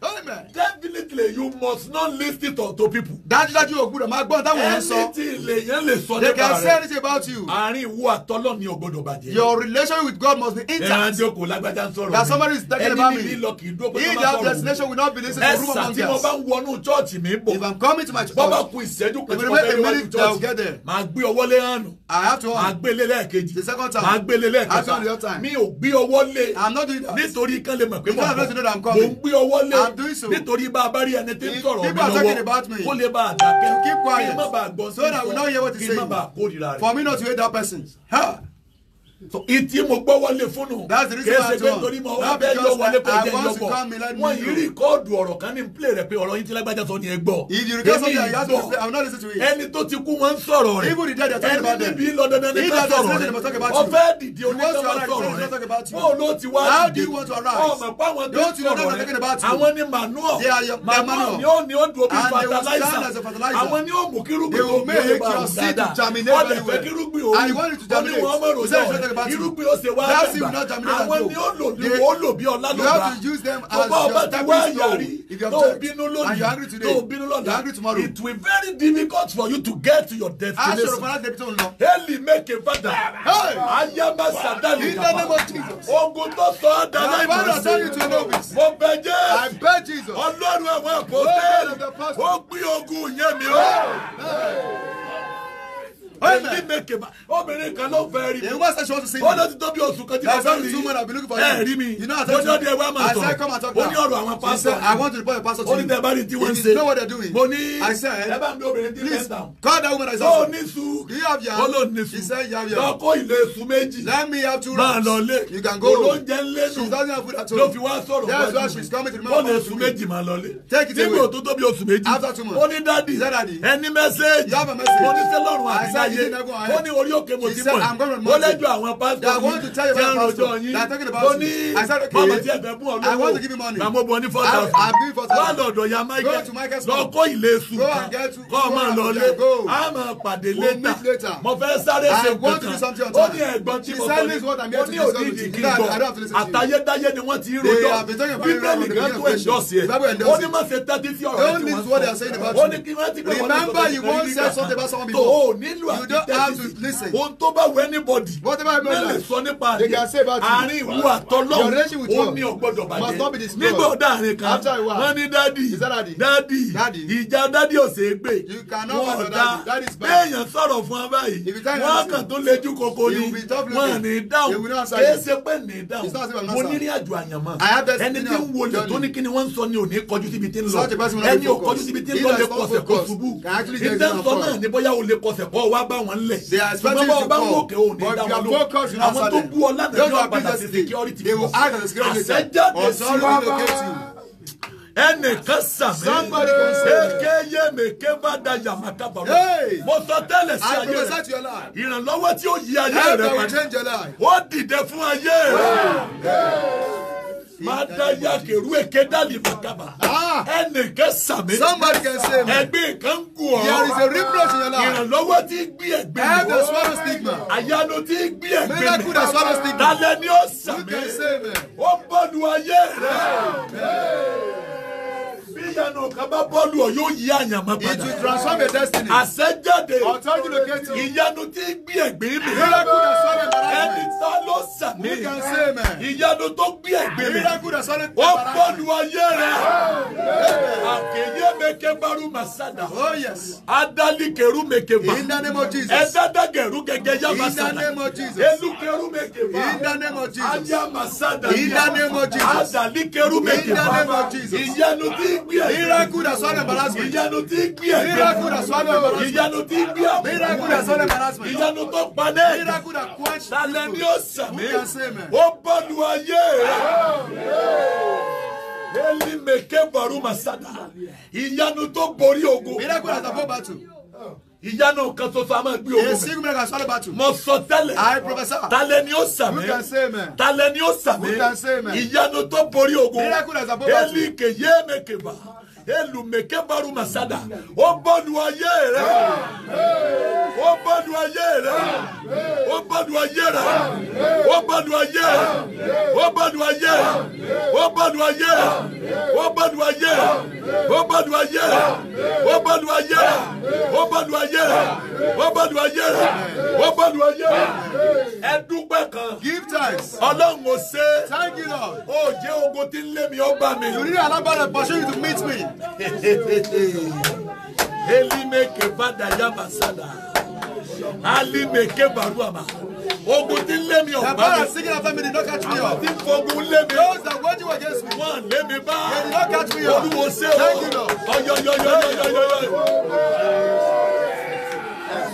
Speaker 1: Amen. Definitely you must not listen to, to people. Dájúdájú o gbọ́dọ̀ máa gbọ́n táwọn èèyàn sọ. Anything lèèyàn lè sọ nípa rẹ̀. They can say anything about you. Àárín ìwọ àtọ́lọ́ ni ò bàjẹ́. Your relation with God must be intact. Ẹran tí o lágbájá ń sọ̀rọ̀ mi. That somebody is talking about me. Ẹni mi lọ kì í dúró pé wọ́n máa sọ̀rọ̀ mi. He that destination will not be listening to rumor mongers. Ẹ̀sà tí mo bá ń wọnú chọ́ọ̀chì mi bò. If I'm coming to my church. Bọ́bá ku ìṣẹ́jú kan tí mo fẹ́ I have to. Màá gbé lé The second time. Màá not doing that nítorí bá a bá rí ẹni tí ń sọ̀rọ̀ mi lọ́wọ́ kó lè bá a dákẹ́ kí n má bàa gbọ́ sí i kí n má bàa kórìíra rẹ̀. for me not to hate that person. Huh? ìtì mo gbọ́ wọlé fóònù kèsè pé nítorí mo wá bẹ́ẹ̀ yọ wọlé pé jẹ́ yọ bọ̀ wọ́n yìí rí kóòdù ọ̀rọ̀ kan ní plé rẹ̀ pé ọ̀rọ̀ yín ti lágbájá sọ ni ẹ gbọ́ èmi gbọ́ ẹni tó ti kú wọn ń sọ̀rọ̀ rẹ̀ ẹni níbi lọ dandan ní ká sọ̀rọ̀ rẹ̀ ọ̀fẹ́ dìde oníkàwá sọ̀rọ̀ rẹ̀ fóònù ló ti wá dìde ọmọ páwọn tó sọ̀rọ̀ rẹ̀ àwọn ni manual manual ni ó ni ó dùn bí fertilizer àwọn ni ó mú kírúgbìn tó gbé talk about you. irúgbìn ó ṣe wá àgbà àwọn ni ó lò ní ó lò bí ọlá ló bá bàbá ọba ti yàrí tó bínú lónìí tó bínú lọ́la it will be very difficult for you to get to your ah, destination. heli meke fada ayaba sadani kaba ogun tó sọ ọ́ dáná ìmọ̀ọ́sẹ̀ mo bẹ jẹ́ ọlọ́run àwọn àpótẹ́ẹ̀lì ó pín ogun yẹn mi ó ẹni mèkè bá obìnrin kan ló fẹ́ rí mi. ìwé sẹ́sẹ̀ wọ́n ti sẹ́yìn. ó ló ti tóbi oṣù kan tí mo fẹ́ rí mi. ẹ rí mi mo ní ọdẹ ẹwà máa tọ̀ mo ní ọ̀rọ̀ àwọn pásítọ̀ ó ní tẹ̀ bá ní tí wọ́n ṣe mo ní ẹ bá mi obìnrin tí bẹ́ẹ̀ down. call that woman I saw. ó ní su ó ló ní su lọ́kọ́ ilé su méjì máa lọ lé olóúnjẹ lẹ́nu ló fi wá sọ̀rọ̀ wájú ó ní su méjì máa lọ lé nígbà tó tóbi oṣù méjì ó ní dádì ẹni mẹ́sẹ̀ẹ́jì ó ní sẹ́lọ̀rùn àti ayé ó ní orí òkè mo ti mọ̀ ó lẹ́jọ́ àwọn pásítọ̀ mi tí a rojọ́ yín ó ní mọ̀mọ́ tí ẹ̀fẹ̀ bùn ọ́ lówó mo bọ̀ ní four thousand wọ́n lọ́dọ̀ ya michael lọ kó ilé sùn kọ́ ọ máa lọ lé a máa pàdé létà mo fẹ́ sáré ṣe kankan ó ní ẹ̀gbọ́n tí mo kọ́ ni ó ní òdìdí kí àtayédáyé ni wọ́n ti rojọ́ bíbélì kan tó ẹ̀jọ́ sí ẹ̀ ó ní má ṣe tẹ́tí sí ọ̀rọ̀ tí wọ́n sọ ó ní kí wọ́n ti gbé wọn lọ́sọ̀rọ̀ tó you don't have to listen. ohun tó bá wù anybody. whatever you know lè sọ nípa rẹ àárín ìwú àtọlọ ó ní ọgbọdọ bàjẹ́ nígbà ọdọ àárín kan wọn ní dádì dádì ìjà dádì ọ̀sẹ̀ gbé wọn ọ̀dà bẹ́ẹ̀yàn sọ̀rọ̀ fún wa báyìí wọn kàn tó léjú koko ni wọn ní dáhùn kìí ṣe pé ní dáhùn mo nírí àjò àyànmọ́ ẹni tí ń wọlé tó ní kíni wọ́n ń sọ ni ò ní kọjú síbi tí ń lọ ẹni ò kọjú síbi tí ń lọ lè kọsẹ̀ kọ ṣubú ìtẹ́sọ náà ní bóyá o lè kọsẹ̀ kọ wá bá wọn lẹ̀ ṣùgbọ́n bá bá wò kẹ́ òní dá wọn lò àwọn tó bú ọ lánàá yóò padà sí security force àṣẹjáde sí wa ẹnìkan sàmì eke yé mèké bá da yamata bàbá mo sọ tẹ́lẹ̀ sí ayé rẹ ìrànlọ́wọ́ tí ó yí ayé rẹ padà ó dìde fún ayé rẹ madaya keru eke dali ah! makaba ẹnìkan sàmì ẹgbẹ́ kan gùn ọ́ ìrànlọ́wọ́ ti gbé ẹgbẹ́ mi àyánu ti gbé ẹgbẹ́ mi dalẹ̀ ni ó sàmì ó bọ́nu ayé rẹ̀ ìdánù kan bọ́ọ̀lù ọ̀ yóò yí àyànmọ́ padà. it will transform your destiny. àṣẹjáde ìyanu tí ń gbé ẹ̀gbẹ́ mi. ẹni tá ló sàmì. ìyanu tó gbé ẹ̀gbẹ́ mi. ó bọ́ọ̀lù ayé rẹ̀. Oh, àkèyé meke baru masada. adali keru meke ba. ẹ̀dádá kẹrù gẹ́gẹ́ yá masada. elu keru meke ba. ayé masada. adali keru meke ba. ìyanu tí ń gbé Miracle that's not embarrassment. Ìyanu tí gbé ẹ̀gbẹ́. Miracle that's not embarrassment. Ìyanu tí gbé ẹ̀gbẹ́. Miracle that's not embarrassment. Ìyanu tó padẹ́. Miracle that quench. Dalẹ̀ ni ó borí ogun ìyanu kan ṣoṣo a máa gbé ogun mi. a single miracle swallow battle. mo sọ tẹ́lẹ̀. ayi professor. talẹ ni ó sàmì. who can say amen. talẹ ni ó sàmì. who can say amen. ìyanu tó borí ogun. miracle as a poor battle. eli keye mekeba elumeke baru masada ó bọ́nu ayé rẹ ó bọ́nu ayé rẹ ó bọ́nu ayé rẹ bọ́nu ayé ó bọ́nu ayé ó bọ́nu ayé ó bọ́nu ayé ó bọ́nu ayé ó bọ́nu ayé ó kan. give thanks. ọlọ́run ò ṣe. thank you lord. o jẹ́ ogun tí ń lé mi ó gbà mí. you need alágbára pursue you to meet me. elimeke fada yabasada alimeke baruama ogun tí lé mi ọ̀gbá mi. the power singing after me did not catch me up. àwọn tí ń fogun lé mi. those that wage war against me. wọ́n lé mi bá. they did not catch me up. olúwo ṣe o. thank you lord. ọyọyọyọyọyọyọ.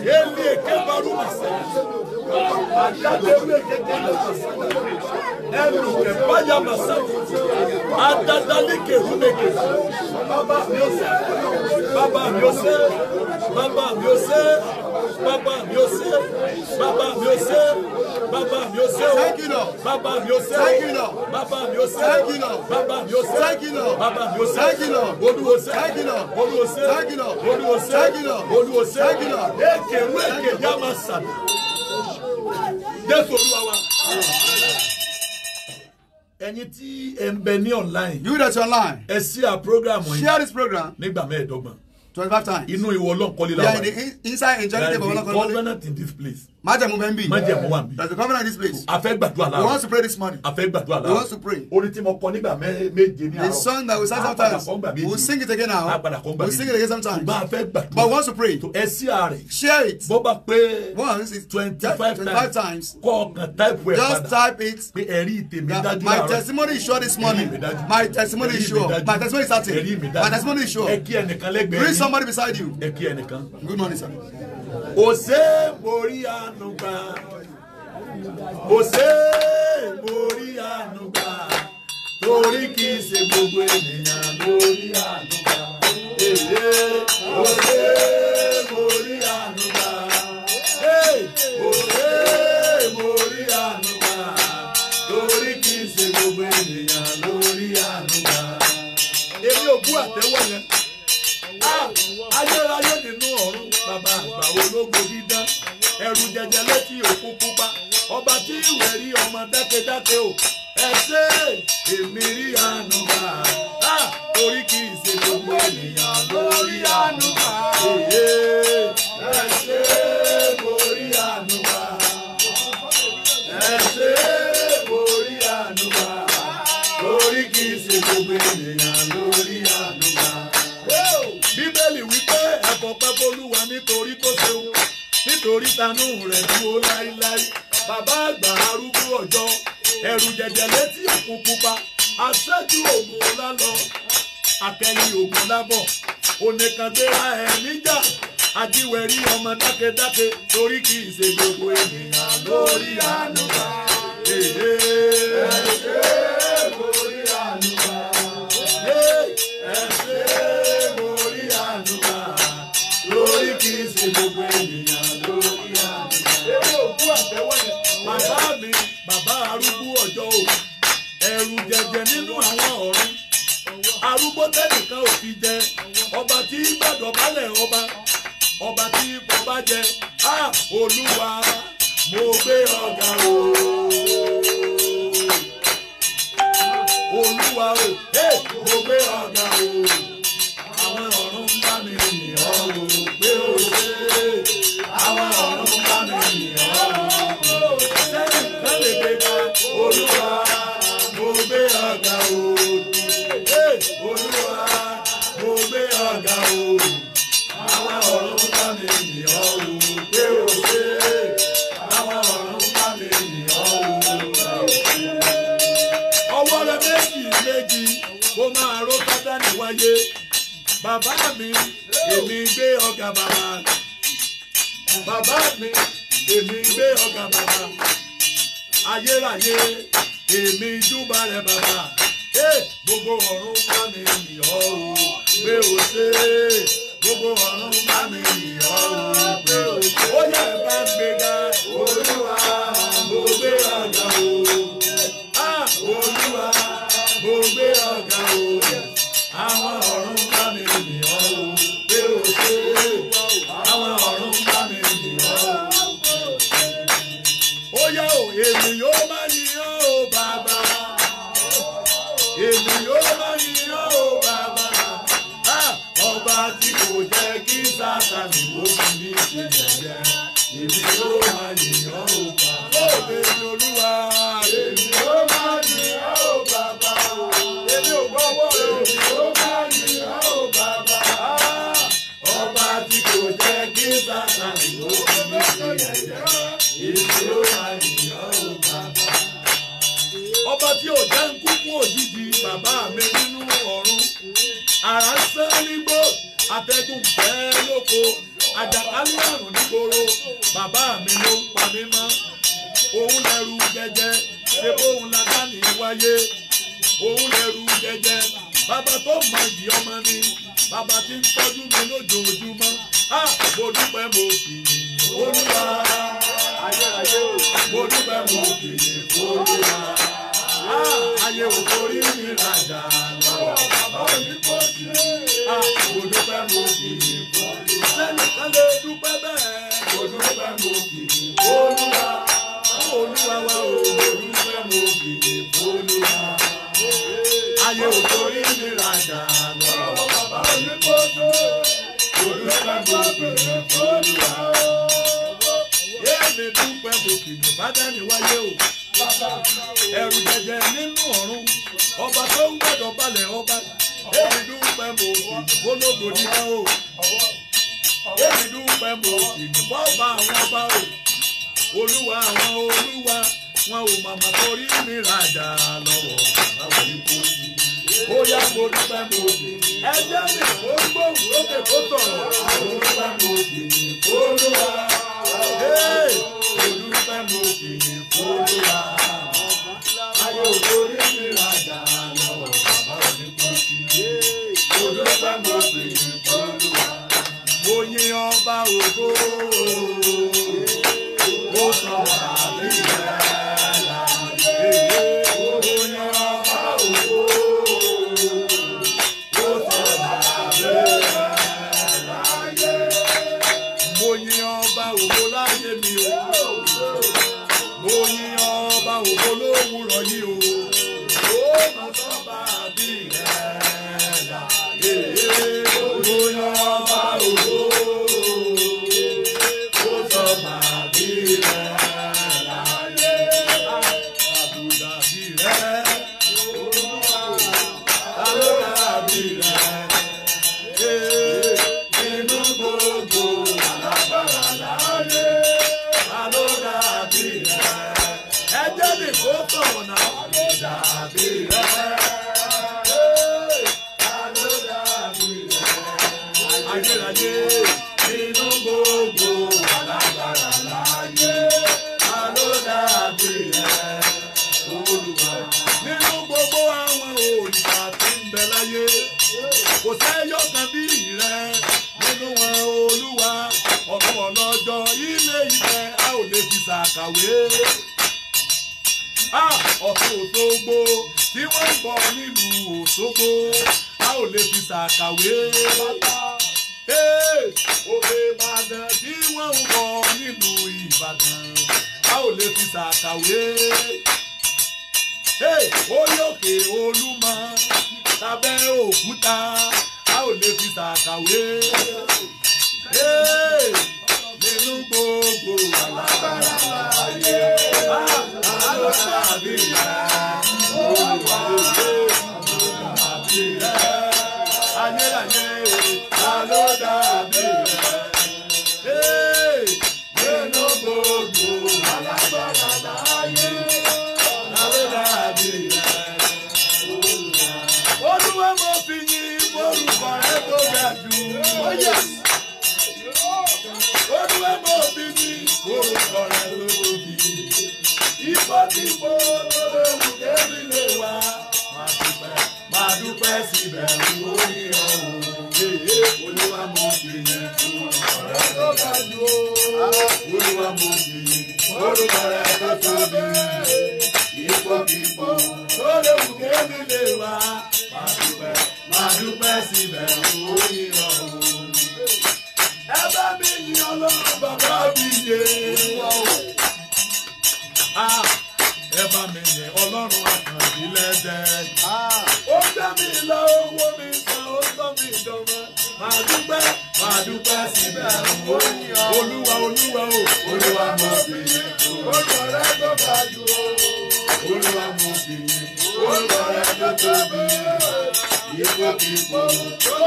Speaker 1: yéèlì èké barú màsà. Adéwé kékeré màsà. Ẹnu ẹ̀báyà màsà. Adadali kèrú mèkè. Bàbá mi ò sẹ́. Bàbá mi ò sẹ́. Bàbá mi ò sẹ́ bàbá mi Baba ṣe bàbá mi ò ṣe bàbá mi ò ṣe o bàbá Baba ò ṣe o bàbá mi ò ṣe o bàbá mi ò ṣe o bàbá mi ò ṣe olú ò ṣe olú ò ṣe olú ò ṣe olú ò ṣe èké rú èké yá máa sàmì jésù olúwa wa ẹ̀yin tí ẹ ń bẹ ní online. you that online. ẹ sí à program yìí. share this program. nígbà mẹ́ẹ̀ẹ́dọ́gbọ̀n twenty five times. inú ìwọ ọlọ́run kọ́lé la wà. we are in the inside angelic table of ọlọ́run kọ́lé. government in this place májẹ̀mú bẹ́ẹ̀ ń bì. májẹ̀mú wà ń bì. there is a covenant in this place. a fẹ́ gbàdúrà láàárọ̀. we want to pray this morning. a fẹ́ gbàdúrà láàárọ̀. we want to pray. orin tí mo kọ nígbà méje ní àárọ̀. the song that we sang sometimes. we sing it again now. a padà méje. we sing it again sometimes. ṣùgbọ́n a fẹ́ gbàdúrà. but we want to pray. to ẹ sí share it. bó bá pé. once twenty five times. kọ́ ọ̀kan type wẹ̀ padà. just type it. pé ẹ̀rí tèmi dájú àárọ̀. my testimony is sure this morning. my testimony is sure. my testimony is certain. my testimony is sure. ẹ kí ẹnìkan lẹ́gbẹ̀ẹ́ bring somebody beside you. good morning sir. Ose mórí àánú gbà òsè mórí àánú gbà torí kì í ṣe gbogbo ènìyàn mórí àánú gbà èlé òsè mórí àánú gbà òsè mórí àánú gbà torí gbogbo ènìyàn lórí àánú èmi ò bú àtẹ́wọ́ yẹn ayérayé nínú ọ̀run bàbá àgbà ológo dídán ẹrù jẹjẹ létí òkun pupa ọba tí ìwé rí ọmọ dákedáke o ẹ ṣe èmi rí àánú bá a torí kì í ṣe gbogbo ènìyàn lórí àánú bá a ẹ ṣe mo rí àánú bá a ẹ ṣe àánú bá a torí kì í ṣe gbogbo ènìyàn lórí nítorí tanú rẹ̀ dúró láíláí bàbá àgbà arúgbó ọjọ́ ẹ̀rù jẹ̀jẹ̀ létí òkun pupa aṣáájú ògùn ńlá lọ àtẹ̀yìn ògùn lábọ̀ oníkàgbéra ẹ̀ níjà ajíwẹ̀rí ọmọ dákedáke torí kì í ṣe gbogbo ènìyàn lórí àánú bá. bàbá arúgbó ọjọ́ o ẹ̀rù jẹ̀jẹ̀ nínú àwọn ọ̀run arúgbó tẹ́nìkan ò fi jẹ ọba tí gbàdọ̀bálẹ̀ ọba ọba tí bọba jẹ á olúwa mo gbé ọ̀gá o olúwa o mo gbé ọ̀gá o
Speaker 2: àwọn ọ̀run bá mi rìn ọ̀run gbé o àwọn ọ̀run. olúwa
Speaker 1: mo gbé ọ̀gá o olúwa mo gbé ọ̀gá o àwa ọ̀run bá mi yàn o pé o ṣe àwa ọ̀run bá mi yàn o. ọwọ́ rẹ méjì méjì kó máa ró pátánì wáyé bàbá mi èmi gbé ọ̀gá bàbá bàbá mi èmi gbé ọ̀gá bàbá ayérayé èmi júbalẹ̀ bàbá gbogbo ọ̀run bá mi yìn ọ́ o pé o ṣe gbogbo ọ̀run bá mi yìn ọ́ o pé o ṣe ó yẹ bá gbéga olúwa mo gbé ọ̀gá o
Speaker 2: ah, olúwa mo gbé ọ̀gá o àwọn ọ̀rọ̀.
Speaker 1: èmi yóò o bàbá èmi yóò o bàbá ọba tí kò jẹ́ kí sátani ó fi mí ṣe yẹ̀yẹ́ èmi yóò máa yìn ọ́ o bàbá. ó o bàbá o èmi o bàbá ọba tí kò jẹ́ kí sátani ó fi mí ṣe ọba tí ò jẹ́ ń kúkú òjijì bàbá mi nínú ọ̀run àrá sán nígbó atẹ́gùn fẹ́ lóko àjàkálẹ̀ àrùn nígboro bàbá mi ló ń pa mí mọ́ òun lẹ́rù jẹjẹ ṣe bóun lágbàní wáyé òun lẹ́rù jẹjẹ bàbá tó mọ ìdí ọmọ mi bàbá tí ń tọ́jú mi lójoojúmọ́ á mo dúpẹ́ mo kì í olúwa ayérayé o mo dúpẹ́ mo kì í olúwa ayé wò lórí mi rajà lọ́wọ́ bàbá òní pọ̀ sí i. kò dúpẹ́ mo kì í fún un. sẹ́nìkan lè dúpẹ́ bẹ́ẹ̀. kò dúpẹ́ mo kì í olúwa olúwa wa o. kò dúpẹ́ mo kì í olúwa. ayé wò lórí mi rajà lọ́wọ́ bàbá òní pọ̀ sí i. kò dúpẹ́ mo kì í olúwa. yéèmí dúpẹ́ mo kì í bá dání wáyé o ẹ̀rù jẹjẹ nínú ọ̀run ọba tó ń gbẹ̀dọ̀ balẹ̀ ọba èmi dúpẹ́ mo gbólógo nígbà o èmi dúpẹ́ mo bọ́ọ̀bà àwọn ọba o olúwa àwọn olúwa wọn ò màmá torí mi rajà lọ́wọ́ àwọn ikú ó yá mo dúpẹ́ mo ẹjẹ́ mi ó gbóhùn lókè kó sọ̀rọ̀ mo dúpẹ́ mo olúwa mo
Speaker 2: dúpẹ́ mo olúwa ayé òtórí mi rajà lọ́wọ́ bàbá mi kú sí odò gbàgbọ́ pé
Speaker 1: olúwa mo yìn ọba ògo. sóko a ò lè fi ṣàkàwé. òkè ìbàdàn tí wọ́n ń kọ nílùú ìbàdàn a ò lè fi ṣàkàwé. orí òkè olúmọ tàbẹ́ òkúta a ò lè fi ṣàkàwé. nínú gbogbo àlàbàlà ayé bá a lọ sábìlà. jẹ́ olúwa mọ̀ bí oh, orúkọ rẹ̀ ló bí ibòkíbò olówó kébí lè wá máa dúpẹ́ síbẹ̀ lórí ọ̀hún olúwa mọ̀ bí mi orúkọ rẹ̀ ló bá jù ó olúwa mọ̀ bí mi orúkọ rẹ̀ ló tóbi ibòkíbò olówó kébí lè wá máa dúpẹ́ síbẹ̀ lórí ọ̀hún lọ bàbá mi yé ẹ bá mi yẹ ọlọ́run àkàndí lẹ́dẹ̀. ó dá mi lọ owó mi san ó sọ mi dọ̀mọ́. màá dúpẹ́ màá dúpẹ́ síbẹ̀ ó ní ọ. olúwa olúwa o olúwa mo bì í. olùwàrẹ́ tó bá jù ó. olúwa mo bì í. olùwàrẹ́ tó tóbi. ipò kíkó.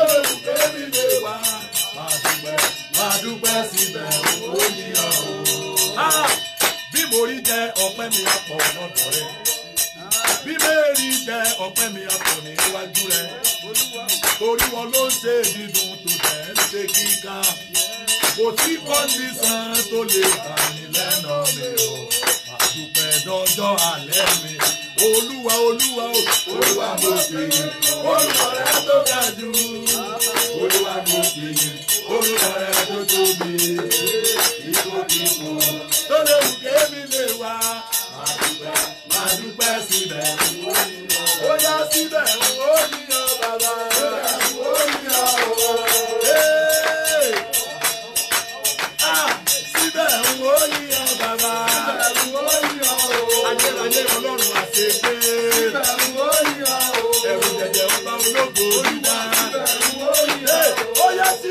Speaker 1: olùkẹ́ mi lè wá dúpẹ́ wá dúpẹ́ síbẹ̀ ó yíyan o. bí mo rí jẹ ọpẹ́ mi àpọ̀ lọ́dọ̀ rẹ bí mẹ́rin jẹ ọpẹ́ mi àpọ̀ níwájú rẹ torí wọn ló ṣe dídùn tó jẹ́ ń ṣe kíkà kò sí kọ́ndíṣàn tó lè kà ní lẹ́nà mi o àdúpẹ́ dọ́jọ́ alẹ́ mi olúwa olúwa o olúwa mo fi olúwa rẹ tó ga jù olúwa mo fi olùwàrẹ tó tóbi ìtòbí mọ tó lè wù kémi lè wá màdúpẹ́ màdúpẹ́ síbẹ̀ ó yá síbẹ̀ ó níyàn bàbá ó níyàn ó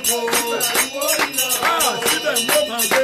Speaker 1: gbogbo ah, síbẹ̀ mo máa gbé.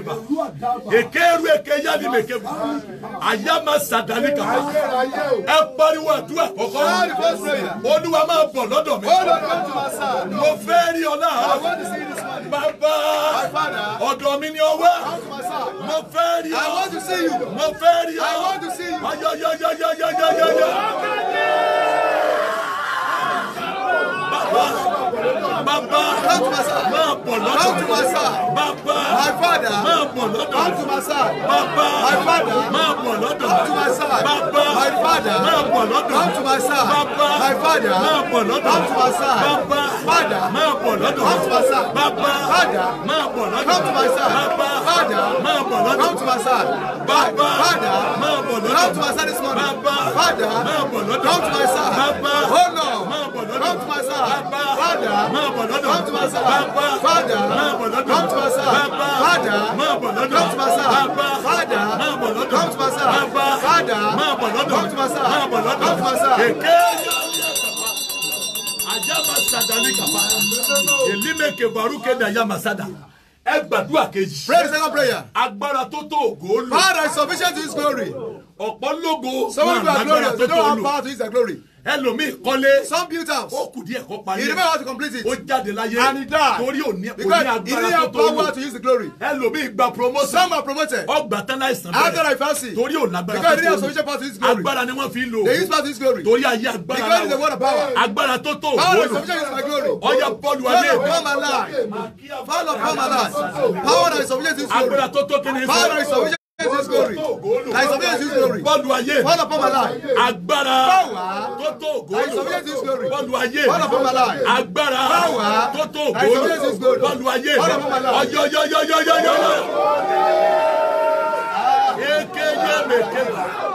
Speaker 1: mekeba ekeru ekeya ni mekeba aya ma sadali kaba ẹ pariwo àdúrà kọ́kọ́ olúwa máa bọ̀ mi mo fẹ́ rí ọ láàárọ̀ bàbá mi ni ọ mo fẹ́ rí ọ mo fẹ́ rí ọ ayọyọyọyọyọyọ. Baba, come to my side. Baba, máa pọ̀ lọ́dọ̀ mi. Baba, máa pọ̀ lọ́dọ̀ mi. Baba, my pọ̀ lọ́dọ̀ mi. Baba, máa pọ̀ lọ́dọ̀ mi. Baba, my pọ̀ lọ́dọ̀ mi. Baba, máa pọ̀ lọ́dọ̀ mi. Baba, my pọ̀ lọ́dọ̀ mi. Baba, máa pọ̀ lọ́dọ̀ mi. Baba, my pọ̀ lọ́dọ̀ mi. Baba, máa pọ̀ lọ́dọ̀ mi. Baba, máa pọ̀ lọ́dọ̀ mi. Baba, máa pọ̀ lọ́dọ̀ mi. Baba, máa pọ̀ lọ́dọ̀ mi. Baba, máa pọ̀ lọ́dọ̀ mi. Baba, máa pọ̀ Baba, máa pọ̀ lọ́dọ̀ mi. Baba, máa pọ̀ Baba, máa pọ̀ lọ́dọ̀ mi. Baba, Baba, máa pọ̀ lọ́dọ̀ mi. Baba, máa pọ̀ lọ́dọ̀ bàbá fàdà máa bọ̀ lọ́dọ̀ bàbá fàdà máa bọ̀ lọ́dọ̀ bàbá fàdà máa bọ̀ lọ́dọ̀ bàbá fàdà máa bọ̀ lọ́dọ̀ máa bọ̀ lọ́dọ̀ èké ajamasadali kaba elimeke baruke dayamasada ẹ gbàdúrà kejì. pray the second prayer. agbára tó tó ògo olù. power is sufficient to his glory. ọ̀pọ̀ lógo. someone who has glory they don't have power to His glory ẹlòmíì kọ́lé. some built house. ó kù díẹ̀ kó parí. he never want to complete it. ó jáde láyé. and he died. torí ò agbára tó tó lò. because he didn't have power to use the glory. ẹlòmíì gba promotion. some are promoted. ọgbà tán láìsàn bẹ́ẹ̀. after I fancy. torí ò lágbára tó tó lò. because he didn't have sufficient power to use glory. agbára ni wọ́n fi lò. they use power to use glory. torí ayé agbára because he is the word of power. agbára tó tó wọ́n lò. ọyà bọ́ọ̀lù alẹ́. power of come alive. power of power alive. power that is sufficient to use glory. agbára tó tó kẹ́ni sọ. power that is sufficient his glory. Like surveillance his glory. Bọ́ọ̀lù ayé. Fall upon glory. Bọ́ọ̀lù ayé. Fall upon my life. Agbára. Power. glory. Bọ́ọ̀lù ayé. Fall upon my life.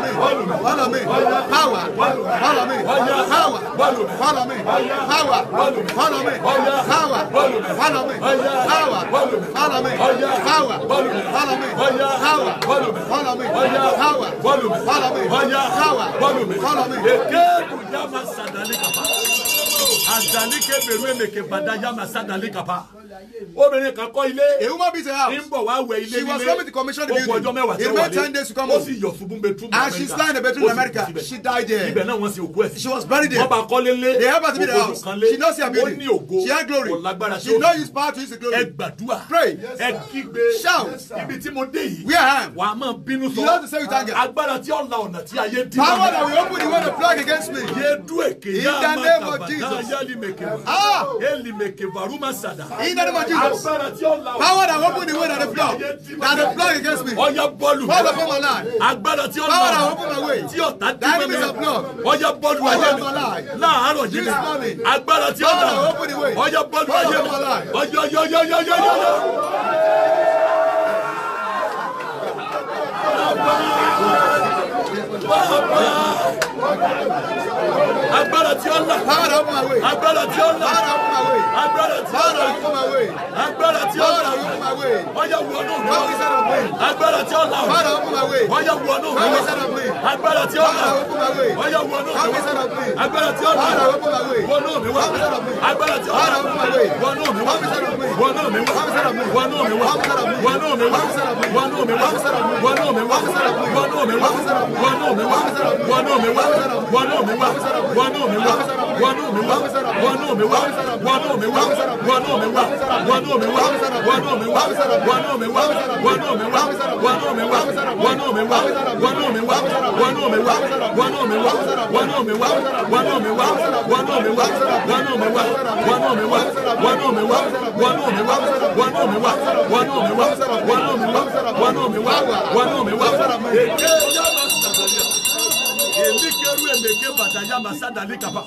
Speaker 1: Follow me. Follow me. Power. Follow me. Power. Follow me. Power. Follow me. Power. Follow me. Power. Follow me. Power. Follow me. Power. Follow me. Power. Follow me. Power. Follow me. Eke kujama sadali kapa. Azali ke berwe meke badaya masadali kapa obìnrin kan kọ́ ilé ń bọ̀ wá wẹ ilé nílé ó pọ̀jọ́ mẹ́wàá tẹ́ wà lé ó sì yọ̀ ṣubú bẹ túbú Amẹ́ríkà ó sì kú síbẹ̀ ibẹ̀ náà wọ́n sì òkú ẹ̀ sí wọ́n bá kọ́lé lé òkú kan lé ó ní ògo kò lágbára sí òkú ẹ gbàdúrà ẹ kígbe ibi tí mo dé yìí wà á máa bínú sọ agbára tí ọ̀la ọ̀nà tí ayé dì mí yé dú èké yá má kàbàdá yá lì mèkè varuma ah! the name of Jesus. Power that opened the way that the flood. That the flood against me. Oh, Ọya bọ́ọ̀lù. Power that opened my life. Agbára tí ó lọ. Power that opened my way. That Tí ọ̀tá dí mẹ́mẹ́. The enemies of blood. Ọya bọ́ọ̀lù ayé mi. Láàárọ̀ yìí ni. Agbára tí ó lọ. Ọya bọ́ọ̀lù ayé mi. Ọyọ yọ yọ yọ yọ yọ yọ. Agbára agbára tí ó là agbára tí ó là agbára tí ó là agbára tí ó là ọyọ wọnú agbára tí ó là ọyọ wọnú agbára tí ó là ọyọ wọnú agbára tí ó là wọnú mi wá agbára tí ó là wọnú mi wá wọnú mi wá wọnú mi wá wọnú mi wá wọnú mi wá wọnú mi wá wọnú mi wá wọnú mi wá. náà mi wá ìwọ náà mi wá ìwọ náà mi wá ìwọ náà mi wá ìwọ náà mi wá ìwọ náà mi wá ìwọ náà mi wá ìwọ náà mi wá ìwọ náà mi wá ìwọ náà mi wá ìwọ náà mi wá ìwọ náà mi wá ìwọ náà mi wá ìwọ náà wá ìwọ náà wá ìwọ náà wá ìwọ náà wá ìwọ náà wá ìwọ náà wá ìwọ náà wá ìwọ náà wá ìwọ náà wá ìwọ náà wá ìwọ náà wá ìwọ náà wá ìwọ náà wá ìwọ náà wá ìwọ náà wá ìwọ náà wá ìwọ náà mi wá. Emikeru emeke badaya masada likapa.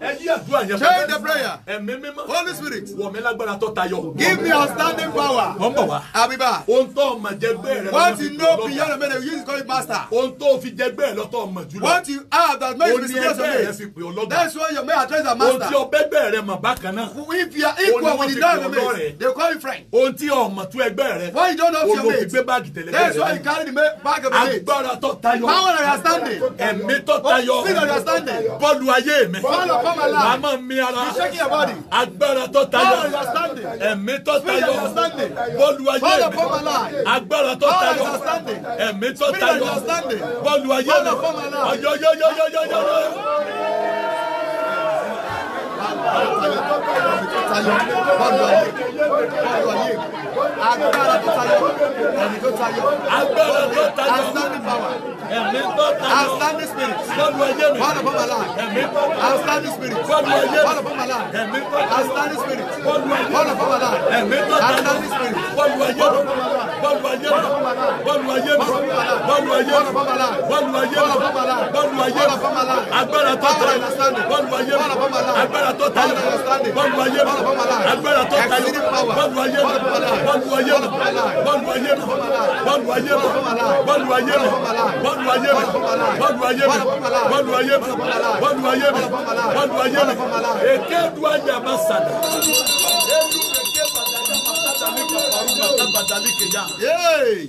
Speaker 1: Ẹni àdúrà yẹn. Change the prayer. Ẹ̀mí mímọ́. Holy Spirit. Wọ̀ lágbára tó tayọ. Give me outstanding power. Wọ́n bọ̀ wá. Àbíbá. Ohun ọmọ jẹ gbé rẹ. What you know beyond a minute you use call it master. Ohun fi jẹ gbé rẹ ọmọ jùlọ. What you have that makes it. Oní ẹgbẹ́ rẹ fi pè ọlọ́gbà. That's why your man address a master. Ohun tí ọbẹ̀gbẹ̀ rẹ mọ̀ bákan náà. If you are equal with the dog mate, they call you friend. Ohun tí ọmọ tún ẹgbẹ́ rẹ. Why you don't know your mate? That's why you carry the bag of the mate. Power and understanding. Ẹ̀mí mi tó tayọ bọ́ọ̀lù ayé mi màá máa mi ara agbára tó tayọ ẹ̀mí tó tayọ bọ́ọ̀lù ayé mi agbára tó tayọ ẹ̀mí tó tayọ bọ́ọ̀lù ayé mi ọ̀yọ́yọ́yọ́yọ́yọ́ tayọ bọ́ọ̀lù ayé bọ́ọ̀lù ayé agbára tó tayọ ẹ̀mí tó tayọ agbára tó tayọ outstanding power ẹ̀mí tó tayọ outstanding spirit bọ́ọ̀lù ayé mi bọ́ọ̀lù bọ́ọ̀lù ala ẹ̀mí tó tayọ outstanding spirit bọ́ọ̀lù ayé mi bọ́ọ̀lù bọ́ọ̀lù ala ẹ̀mí tó tayọ outstanding spirit bọ́ọ̀lù ayé mi bọ́ọ̀lù bọ́ọ̀lù ala ẹ̀mí tó tayọ outstanding spirit bọ́ọ̀lù ayé mi bọ́ọ̀lù ayé mi bọ́ọ̀lù ayé mi bọ́ọ̀lù ayé mi bọ́ọ̀lù ayé mi bọ́ọ̀lù ayé mi agbára tó tayọ bọ́ọ̀lù ayé mi agbára tó ta ni bọ́ọ̀lù ayé mi agbára tó ta ni bọ́ọ̀lù ayé mi bọ́ọ̀lù ayé mi bọ́ọ̀lù ayé mi bọ́ọ̀lù ayé mi bọ́ọ̀lù ayé mi bọ́ọ̀lù ayé mi bọ́ọ̀lù ayé mi bọ́ọ̀lù ayé mi bọ́ọ̀lù ayé mi bọ́ọ̀lù ayé mi èké du ajá bá sàdá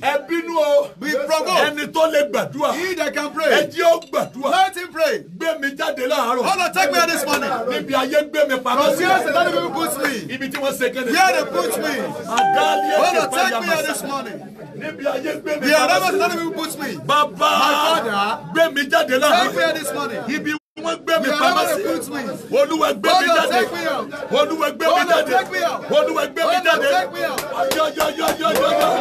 Speaker 1: ẹ bínú o ẹni tó lè gbàdúrà ẹ jẹ́ ó gbàdúrà gbé mi jáde láàárọ̀ níbi ayé gbé mi pamọ́ sí ibi tí wọ́n ṣe kéde àdáyé kẹfà yamasa níbi ayé gbé mi pamọ́ sí bàbá gbé mi jáde láàárọ̀ ibi tí wọ́n gbé mi pamọ́ sí olúwa gbé mi jáde olúwa gbé mi jáde olúwa gbé mi jáde yọyọyọyọyọ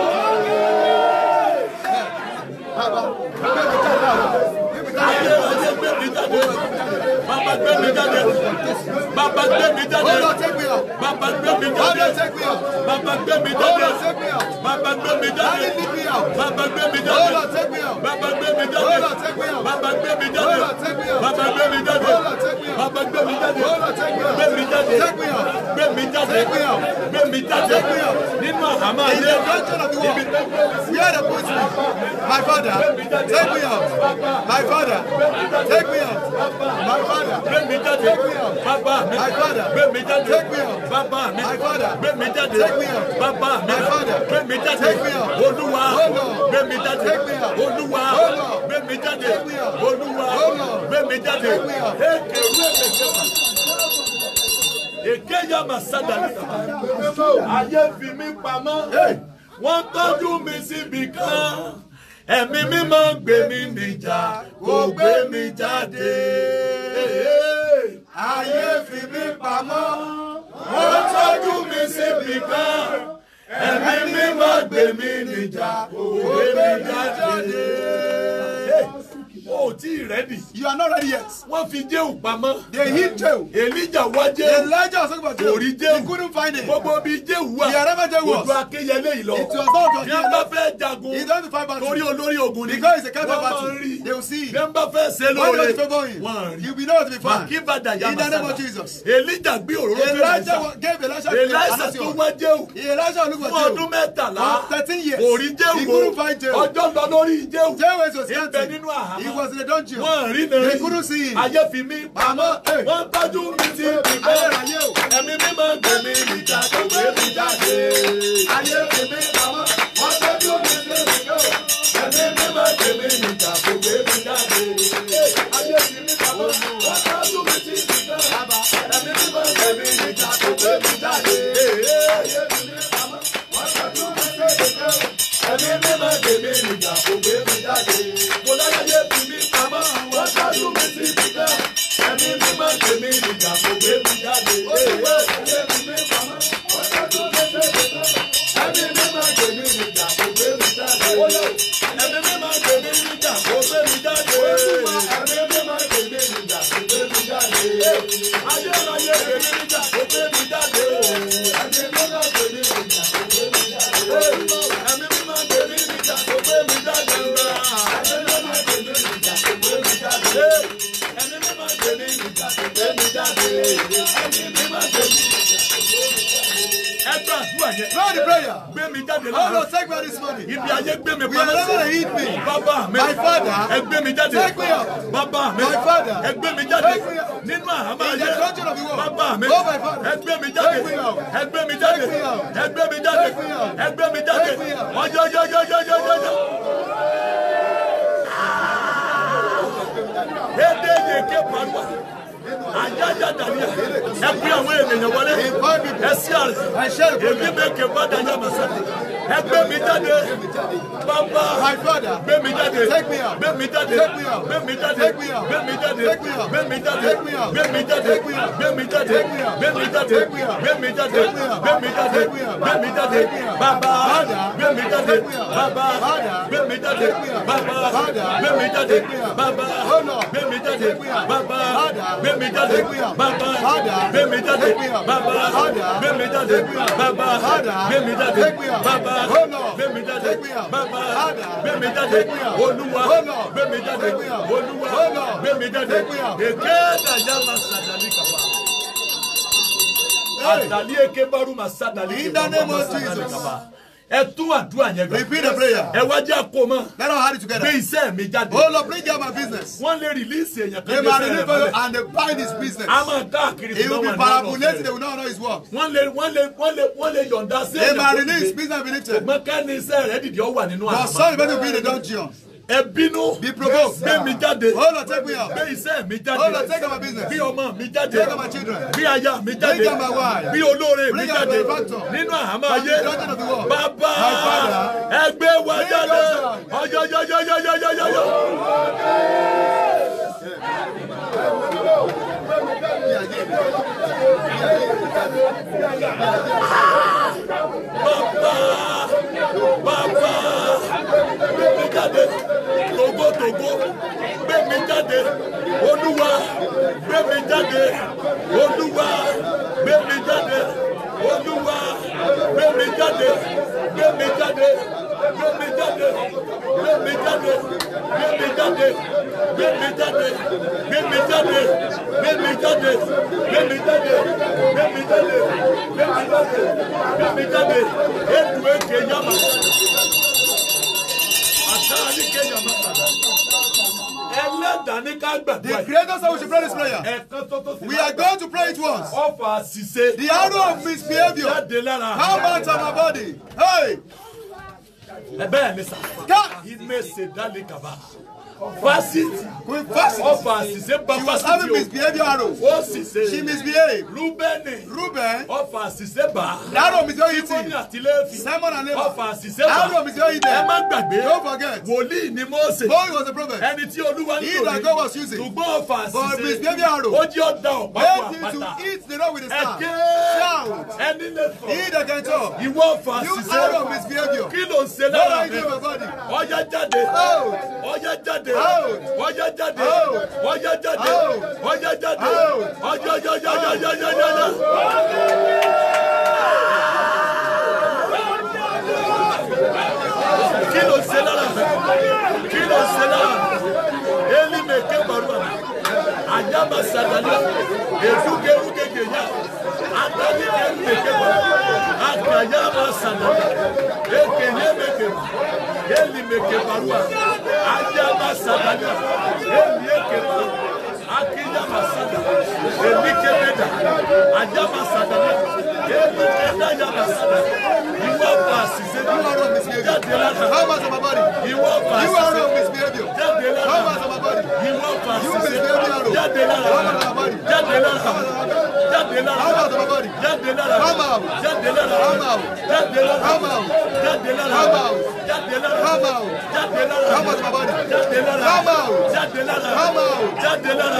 Speaker 1: ayé ọdẹ gbé mi jáde bàbá gbé mi jáde bàbá gbé mi jáde bàbá gbé mi jáde bàbá gbé mi jáde bàbá gbé mi jáde bàbá gbé mi jáde bàbá gbé mi jáde bàbá gbé mi jáde bàbá gbé mi jáde bàbá gbé mi jáde gbé mi jáde gbé mi jáde gbé mi jáde nínú àhámọ́ ayé ibi tó gbé mi. My father, take me out. My father father, take me out. My father, take me out. Baba, my father, take me out. Take me out. Baba, my father, take me out. Take me out. Baba, my father, take me out. Take me out. Olúwa, take me out. Take me out. Olúwa, take me out. Take me out. Olúwa, take me out. Take me out. Èkéyà Màsádà ayé fi mí pamọ́, wọ́n tọ́jú mi síbi kan ẹ̀mí mímọ́ gbé mi nìjà kò gbé mi jáde. ayé fi mí pamọ́ ó tọ́jú mi síbi kan ẹ̀mí mímọ́ gbé mi nìjà kò gbé mi jáde ò tí ì rẹ́dì. you are not ready yet. wọ́n fi jéhù pamọ́. they hid jéhù. elijah wá jéhù. elijah sọ pé jéhù. orí jéhù. he couldn't find him. gbogbo bíi jéhù wà. the arẹ́fẹ́ jéhù was. ojú akéyẹlé yìí lọ. it was not just jéhù. bẹ́ẹ̀ fẹ́ jagun. he don't fight battle. torí olórí ogun ni. because he is a kind of battle. wọ́n máa rí. they will see him. bẹ́ẹ̀ bá fẹ́ ṣe lóore. why don't you favour him. wọ́n rí. you be not to be found. makibada yamasa. in the name of Jesus. elijah gbé òróró fẹ́ elijah gave elijah. elijah tó wá jéhù. elijah olúwa jéhù. for thirteen years. orí couldn't find jéhù. ọjọ́ lọ lórí jéhù was in the dungeon. Wọ́n rí mi rí. They couldn't see Ayé fi mí pamọ́. Wọ́n tọ́jú mi ti bìbọ́. Ẹ̀mí mi máa gbé mi níjà tó gbé mi jáde. Ayé fi mí pamọ́. Wọ́n tọ́jú mi ti bìbọ́. Ẹ̀mí mi máa gbé mi níjà tó gbé mi jáde. Ayé fi mí pamọ́. Wọ́n tọ́jú mi ti bìbọ́. Ẹ̀mí mi máa gbé mi níjà tó gbé mi jáde. jáde lọ́wọ́. Oh, Lord take me out this morning. Ibi ayé gbé mi pamọ́ sí. We are not hit me. Bàbá mi. My father. Ẹ gbé mi jáde. Take me out. Bàbá mi. My father. Ẹ gbé mi jáde. Take me out. Nínú àhámọ́ ayé. In the country of the world. Bàbá mi. Oh my father. Ẹ gbé mi jáde. Take me out. Ẹ gbé mi jáde. Take me out. Ẹ gbé mi jáde. Take me out. Ẹ gbé mi jáde. Take me out. Ọjọ́ yọ yọ yọ yọ yọ yọ. Ede yeke pàgbà. Ajaja ẹ pé àwọn ènìyàn wọlé ẹ sí àrẹ èmi mẹ́kẹ̀ bọ́dà yà mà sẹ́ni ẹ gbé mi jáde bàbá gbé mi jáde gbé mi jáde gbé mi jáde gbé mi jáde gbé mi jáde gbé mi jáde gbé mi jáde gbé mi jáde gbé mi jáde gbé mi jáde gbé mi jáde bàbá gbé mi jáde bàbá gbé mi jáde bàbá gbé mi jáde bàbá gbé mi jáde bàbá gbé mi jáde bàbá. Bemi dade baba hada. Bemi dade baba hada. Bemi dade baba hada. Bemi dade baba hada. Bemi dade Olúwa. Bemi dade Olúwa. Bemi dade ekeda yama sadali kaba. Adali eke baru masadali. In the name of Jesus. ẹ tún àdúrà yẹn gbà. repeat the prayer. ẹ wá jẹ́ àkó mọ́. let us hurry together. gbé iṣẹ́ mi jáde. o oh, lọ bring out my business. wọ́n lè release èèyàn kan. they ma release and they bind his business. a máa káàkiri tí wọ́n wà ní ọ̀rọ̀ rẹ̀. he will be parapolated they will not know his work. wọ́n lè wọ́n lè wọ́n lè wọ́n lè yọ̀ǹda sí èèyàn. they his business be lifted. ògbọ́n kẹ́ni iṣẹ́ rẹ̀ dìde ọ wà nínú àná. your son is going to be the dungeon ẹ bínú gbé mi jáde gbé iṣẹ́ mi jáde gbé ọmọ mi jáde gbé aya mi jáde gbé olóore mi jáde nínú àhámọ́ ayé bàbá ẹgbẹ́ wa jáde ọyọyọyọyọyọyọ. Yeah, yeah, yeah jáde togotogo gbé mi jáde olúwa gbé mi jáde olúwa gbé mi jáde olúwa gbé mi jáde gbé mi jáde. The creator said we should pray this prayer. We are going to pray it once. The arrow of misbehavior. How about my body? Hey! Eh bien, mais ça. Car il met ses dans les cabards. Varsity. Queen Varsity. Oh, Varsity. She was having misbehaviour. arrow. Oh, she said. She misbehaved. Ruben. Ruben. Oh, Varsity. Arrow misbehaving. Simon àti Levi. Simon and Levi. Oh, Varsity. Arrow misbehaving. Ẹ má gbàgbé. Don't forget. Wòlíì ni Mose. Mose was a prophet. Ẹni tí Olúwa ń lò ní. He that God was using. Ṣùgbọ́n Varsity. But misbehaving arrow. Ó jí ọ̀dà ọ̀pá pàtà. Made him to eat the rock with a star. Ẹ̀kẹ́. Shout. Ẹni lè fọ. He that can talk. Ìwọ Varsity. You arrow misbehaving. Kí ló ń ṣe lára mi? Ọ̀yá jáde. Ọ̀yá jáde jáde wọ́jà jáde wọ́jà jáde wọ́jà jáde ọjọ́ ọjọ́ ọjọ́ ọjọ́ ọjọ́ ọjọ́. kí ló ṣe lára kí ló ṣe lára elime kebaruwa ajaba sadala ezuke ruke ya atani elime kebaruwa akayaba sadala ekenye mekeba. Ele me quebrou. Aja basabana. Ele me quebrou akida masada elike beda aja masada na ebi keda aja masada iwọ ọba asize jáde lára iwọ ọba asize jáde lára iwọ ọba asize jáde lára jáde lára jáde lára jáde lára jáde lára jáde lára jáde lára jáde lára jáde lára jáde lára jáde lára jáde lára.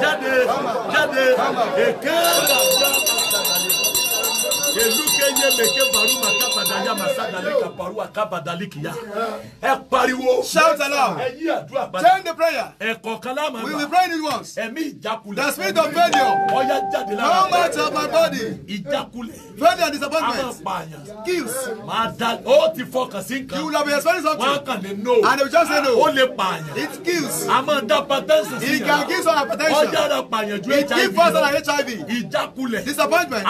Speaker 1: jáde jáde jáde èké. shout aloud. Turn the prayer. we will pray it once. the spirit of failure. ọya jáde lára. no matter my body. failure and disappointment. a máa pààyàn. kills. máa da you will be experiencing something. and they will just say no. it kills. a máa da patensi it can give some hypertension. it gives us an hiv. disappointment.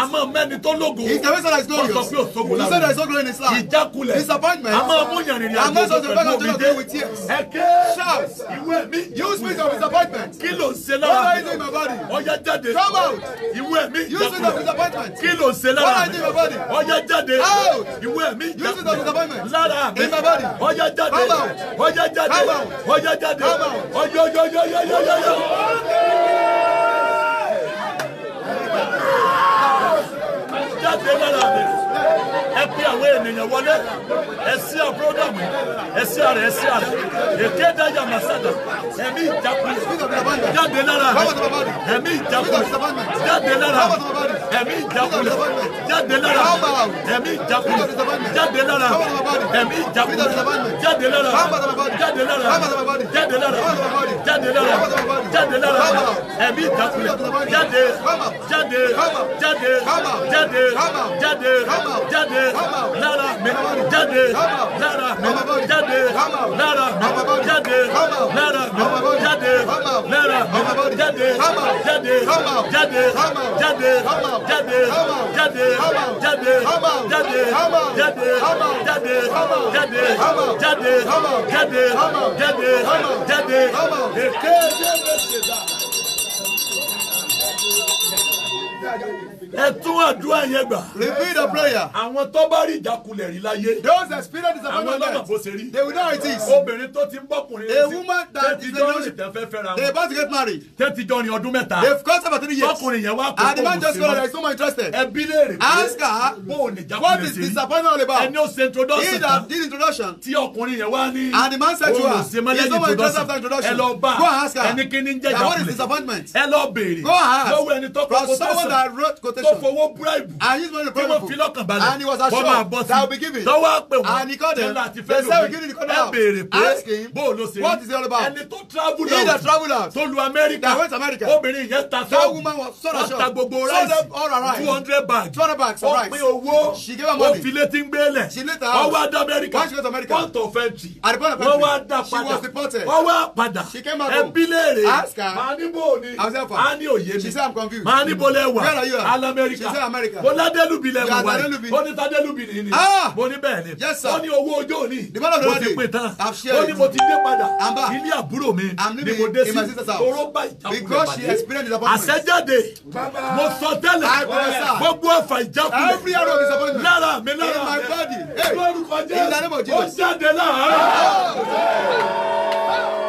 Speaker 1: He never said that it's glorious. He said that it's not glorious in his life. Ìjákulẹ̀. Disappointment. A máa mú yàn rìnrìn àjò. And most of the people do not deal with tears. Ẹ̀kẹ́. Shout. Ìwé mi. of disappointment. Kí ló ń ṣe lára mi? What are you doing in my body? Ọya jáde. Come out. Ìwé mi. Use me of disappointment. Kí ló ń ṣe lára mi? What are you doing in my body? Ọya jáde. Out. Ìwé mi. Use me of disappointment. Lára mi. In my body. Ọya jáde. Come out. Ọya jáde. Come out. Ọya jáde. Come out. Ọyọyọyọyọyọyọ. jáde lára mi. ẹ pé àwọn ènìyàn wọlé ẹ sí àbúródàmù ẹ sí àrẹ ẹ sí àrẹ èké dájà màsàdà ẹ̀mí ìjákulẹ̀ jáde lára rẹ ẹ̀mí ìjákulẹ̀ jáde lára ẹ̀mí ìjákulẹ̀ jáde lára ẹ̀mí ìjákulẹ̀ jáde lára ẹ̀mí ìjákulẹ̀ jáde lára jáde lára jáde lára jáde lára jáde lára ẹ̀mí ìjákulẹ̀ jáde jáde jáde jáde jáde jáde lára mi jáde lára mi jáde lára mi jáde lára mi jáde lára mi jáde jáde jáde jáde jáde jáde jáde jáde jáde jáde jáde jáde jáde jáde jáde èké jẹ́ mẹ́sẹ̀dá ẹ tún àdúrà yẹn gbà. repeat the prayer. àwọn tó bá rí ìjákulẹ̀ rí láyé. those experience the family life. àwọn lọ́nà bó ṣe rí. they will know it is. obìnrin tó ti ń bọ́kùnrin rẹ̀ a woman that is the one who tẹ́fẹ́ fẹ́ra wọn. they about to get married. tẹ́tí jọ ní ọdún mẹ́ta. they have cost about three years. bọ́kùnrin yẹn wá kó kó kó sí ma. and the man just called her like so much interested. ẹbí léèrè. ask her. bó o ní ìjákulẹ̀ sí. what is disappointment all about. ẹni o ṣe introduction. he that did introduction. tí ọkùnrin yẹn wá ní. and the man said to her. o ṣe mọ́lẹ̀ introduction. ẹ lọ bá ẹnikẹ́ni ń jẹ́ ìjákulẹ̀. ẹ lọ béèrè. go ask. lọ́wọ́ ẹni tó kọ́kọ́ tó sọ tó fowó búráìbù tí ah, mo fi lọ́kàn balẹ̀ kọ́ máa bọ́ sí lọ́wọ́ pé wọ́n tẹ́lẹ̀ àti fẹ́lẹ̀ ẹ béèrè pé bó o ló ṣe rí ẹni tó travel out tó lu America. obìnrin yẹn ta assured. wọ́n ta gbogbo rice two hundred bags ó pín owó ó fi létí ń gbélẹ̀ She wá dá Amẹ́ríkà port of entry wọ́n wá dá padà wọ́n wá padà ẹbí léèrè màá ní bò ní màá ní òye mi màá ní bò lẹ́wà lamẹ́ríkà mo ládẹ́lùbí lẹ́wọ̀n wáyé mo ní tádẹ́lùbí ni ni ah! mo ní bẹ́ẹ̀ ni ó ní owó ojó ni mo ti pè tán ó ní mo ti dé padà ilé àbúrò mi ni mo dé sí toró bá ìjákulẹ̀ pàdé àṣẹjáde mo sọ tẹ́lẹ̀ gbogbo ẹ̀fà ìjákulẹ̀ lára mi lára mi lórúkọ jẹ́ ó jáde láàárọ̀. Oh!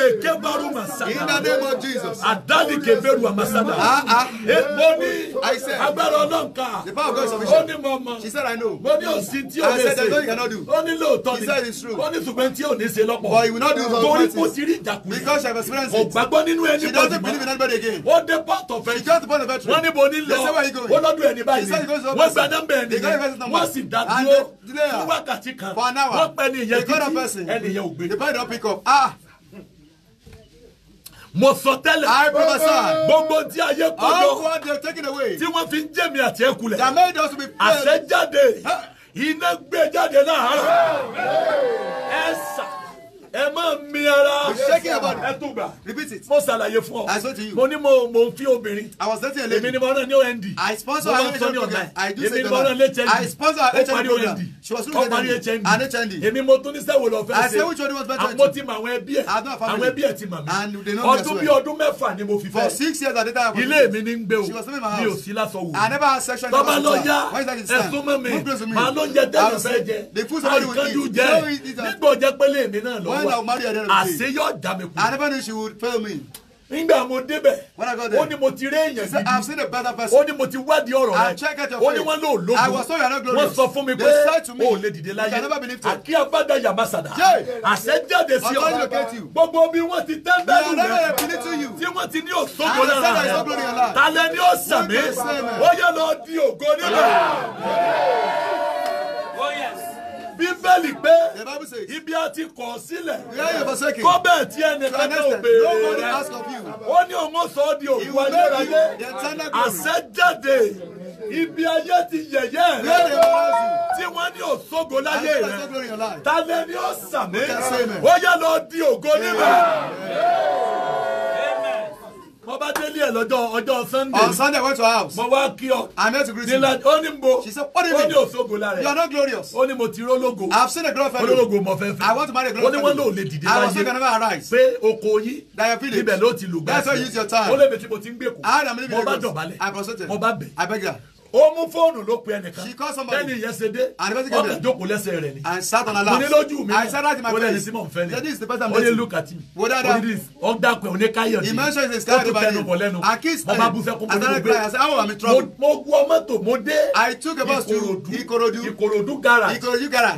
Speaker 1: In the name of Jesus. Adali keberu amasada. Ah ah. Eboni. Eh, I said. Agbára ọlọ́nka. The power of God is sufficient. She said I know. Mo ní òsì I said there is nothing you cannot do. Ó ní lóòótọ́ said it's true. Ó ní ṣùgbọ́n tí o lè But he will not do for the practice. Torí kò ti rí ìjàkúrẹ́. Because she has experienced it. She doesn't believe in anybody again. What dé port of it? She just born a veteran. Wọ́n ní bo ní lọ. They say where you going. Ó lọ́dún ẹni báyìí. said he goes to office. Wọ́n gba nọ́mbà ẹni yẹn. Wọ́n sì dá dúró. Fún wákàtí kan. For an hour. Wọ́n pẹ́ ní ìyẹn títí. They call that person. Ẹni yẹn The boy pick up. Ah mo sọ tẹ́lẹ̀. I prophesy. gbogbo tí a yẹ kó jọ. all what they are taking away. tí wọ́n fi ń jẹ̀mí àti ẹ̀kulẹ̀. that made us be. àṣẹ jáde iná gbé jáde náà. ẹ sà ẹ má mi ara ẹ tó gbà mo ṣàlàyé fún ọ mo ní mo mo fi obìnend èmi ni mo rán ní ond mo máa ń sọ ní ọ̀nà èmi ni mo rán ní hnd ó parí ond ó parí hnd èmi mo tún ní sẹ́wọ̀ lọ fẹ́ ṣe àmọ́ ti mọ àwọn ẹbí ẹ̀ àwọn ẹbí ẹ̀ ti mọ̀ mí ọdún bí ọdún mẹ́fà ni mo fi fẹ́ ilé mi ní ń gbé o mi ò sí lásán wò tọ́ba lọ yá ẹ̀sùn mọ́ mi màá ló ń jẹ tẹ́lẹ̀ fẹ́ jẹ àìkánjú jẹ nígbà ọ̀jẹ̀ pẹ́lẹ́ mi náà lọ wa àṣeyọ dàmí kú. and even if she would fail me nígbà mo débẹ̀ ó ní mo ti rí èèyàn gidi ó ní mo ti wádìí ọ̀rọ̀ rẹ̀ ó ní wọ́n lò lóko wọ́n sọ fún mi pé o lè dìde láyé àkí abada yamasada àṣẹ jáde sí ọ gbogbo bí wọ́n ti tẹ́ bẹ́ẹ̀lú rẹ̀ tí wọ́n ti ní òṣogbo lára rẹ̀ talẹ́ ni ó sàmì ó yẹ lọ di ògo nílò bíbélì pé ibi a ti kọ̀ sílẹ̀ kó bẹ́ẹ̀ tí ẹnìkan náà ò béèrè
Speaker 2: rẹ̀
Speaker 1: ó ní òun sọ ọ́ di òkú ayérayé àṣẹjáde ibi ayé ti yẹ̀yẹ́ rẹ̀ tí wọ́n ní òṣogo láyé rẹ̀ ta lẹ́ni ó sàmì ó yẹ lọ di ògo níbẹ̀ mo bá délé ẹ lọ́jọ́ ọjọ́ sunday. on sunday i went to her house. mo wá kí ọ. i met to greet you. ó ní mo. she said what do you ó ní òṣogbo lára. you are not glorious. ó ní mo ti rólógo. i have seen a glorious family. ológo mo fẹ́ i want to marry a glorious family. ó ní wọ́n lò lè dìde láyé. i was thinking about her eyes. pé oko yín. that village. ibẹ̀ ló ti lù gbà. that's why you use your time. ó lè bẹ tí mo ti ń gbèkú. i am living in lagos. mo bá dọ̀bálẹ̀. i consulted. mo bá bẹ̀. i beg her ó mú fóònù ló pe ẹnìkan ẹni yẹn ṣe dé ọkàn jókòó lẹ́sẹ̀ rẹ̀ ni mo ní lójú mi náà mo lẹ́ni sí mọ̀ nfẹ́ ni ó yẹ look at me ó ní this ọ̀dàpẹ̀ oníkáyọ̀ ni ó tún tẹnu bọ̀ lẹ́nu mo bá bu sẹ́kún mo ní gbé mo wọ mọ́tò mo dé Ìkòròdú Ìkòròdú gara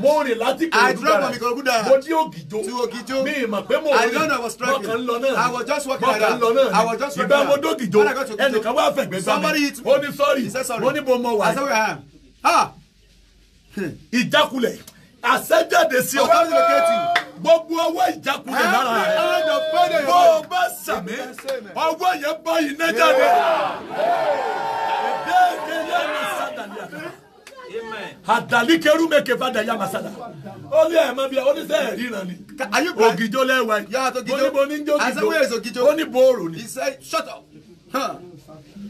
Speaker 1: mo rìn láti Ìkòròdú gara mo dí Ògìjó mi ìmọ̀ pé mo rìn mọ̀kàn lọ náà mọ̀kàn lọ náà ìgbà mo dógìjó ẹnìkan wá fẹ̀gbẹ́ gbà mi ó ní sọ́ọ̀rì mo ní níbo mo wà yìí ah. hm. ìjákulẹ̀ àṣẹjáde sí ọ gbogbo ọwọ́ ìjákulẹ̀ lára rẹ bó o bá sàmì ọwọ́ yẹn bá iná jáde ìdẹ́gẹ́ yẹn ní sádàlíà àdàlíkẹrù mẹkẹ fada ya masada ó ní ẹ mọ bí ẹ ó ní sẹ ríran ni ògìjó lẹwà yìí ó ní bo ní jó gìjó ó ní bo òrò ni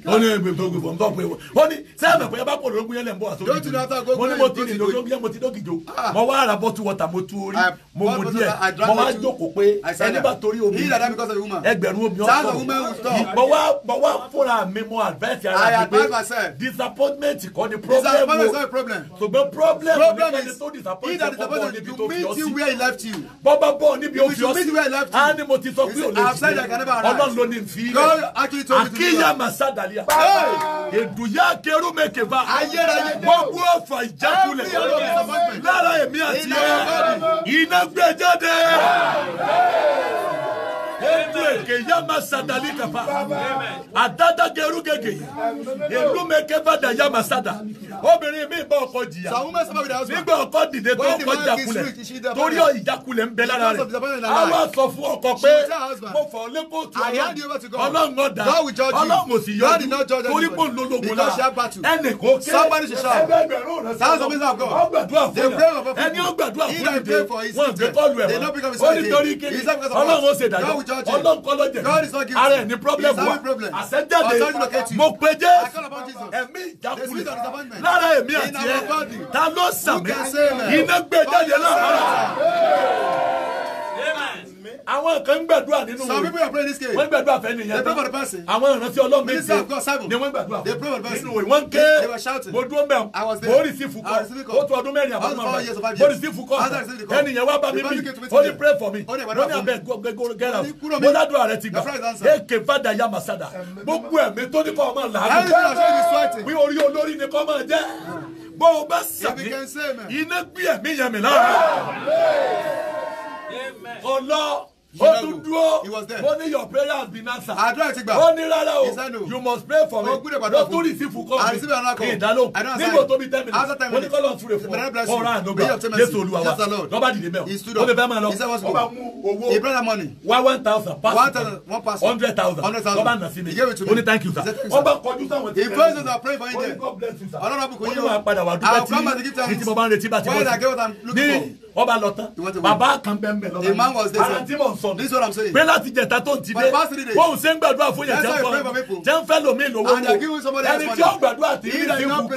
Speaker 1: ó ní ebè tó gbèbọ̀ nbọ̀ pé ó ní sẹ́ẹ̀mẹ̀ pé yaba pọ̀lọ́ ogun yẹn lẹ̀ ń bọ̀ wá sórí ìdúró mo ní mo ti rìn lórí ogun yẹn mo ti dókìjó ah. mo wá ara bọ́tú wọ́tà mo tu orí ah, mo mu díẹ̀ mo wá jókòó pé ẹni bá torí omi ẹgbẹ̀rún omi ọ̀tọ̀ mo wá mo wá fúnra mi mo advice ara mi pé disappointment kọ́ ni problem o ṣùgbọ́n problem ni ẹni tó disappoint bọ́ bọ́ níbi tó fi ọ sí bọ́ bá bọ́ níbi ó fi ọ sí á ní mo ti sọ pé ò lè fi ọlọ́run ló ní fi rẹ̀ àkíyàmásádàl Samaria. Èdùyà kẹrù mẹ́kẹ̀fà. Wọ́n bú ọ̀fà ìjákulẹ̀. Lára èmi àti ẹ̀. Iná gbé jáde ke yama sadali kapa adada geru gege elu meke fada yama sada obìnrin mi bá ọkọ jìyà nígbà ọkọ dìde tó ọkọ jàkulẹ̀ torí ìjàkulẹ̀ ń bẹ lára rẹ̀ àwọn sọ fún ọkọ pé mo fọ lẹ́kọ̀ọ́tù ọlọ́run ọ̀dà ọlọ́run òsì yọjú torí kò lologun la ẹnì kò ké ẹgbẹ́ ẹgbẹ̀rún rẹ̀ sọ́dọ̀ ọgbàdúrà fún yà ẹni ọgbàdúrà fún yà wọn gbé kọlu ẹ̀ wọn ó nítorí kéde ọlọ́run ó ṣèdájọ́ judging. Ọlọ́run kọ́ ló jẹ̀bi. Ara ẹ̀ ní problem wa. Àṣẹ́jáde mo pe Jésù. Ẹ̀mí ìjákulẹ̀. Lára ẹ̀mí àti ẹ̀. Ta ló sàmì? Iná gbé jáde náà. Amen àwọn kan ń gbàdúrà nínú rẹ̀ wọ́n gbàdúrà fẹ́ nìyẹn tán àwọn ìrántí ọlọ́run méje ni wọ́n gbàdúrà nínú rẹ̀ wọ́n ké mo dúró mẹ́ mo rì sí fukọ́ ó tún ọdún mẹ́rin àbọ̀ mọ́ mo rì sí fukọ́ ẹnìyẹn wá bá mi bí ó ní pray for me wọ́n ní abẹ́ gẹ́gẹ́rẹ́ mo ládùúrà rẹ ti gbà èké fàdà yà màsàdà gbogbo ẹ̀mí tó ní kọ́ ọmọ làágùn bí orí olórí ni kọ́ ọmọ jẹ́ bó o bá sàmì iná gbé ẹ̀mí yẹn mi lára
Speaker 2: ọlọ
Speaker 1: ó tún dúró ó ní your prayer has been àdúrà ti gbà ó ní rárá o you must pray for me ló tún rì sí fún kọ́ mi ìdálóhùn nígbà tó bí ten minutes oníkọ́lọ́ sùúrù fún ọ ọ̀rá àdógbà jésù olúwa wa lọ́ba dìde mẹ́wọ̀ ó lè fẹ́ máa lọ ó bá mú owó one thousand pass hundred thousand lọ́ba nà sí mi ó ní thank you sir ó bá kọjú sáwọn tí ó ní God bless you sir ó ní wàá padà wà dúpẹ́ tí mo bá ń retí bá ti bọ́ sí ní ọba lọ tán bàbá kan bẹ́ẹ̀ bẹ́ẹ̀ lọ́ba ara tí mò ń sọ pé láti jẹta tó ń ti dé bóun ṣe ń gbàdúrà fún yẹn jẹun jẹun fẹ́ lomi lówó wo ẹni tí ó gbàdúrà tí ìrì ti kú kọ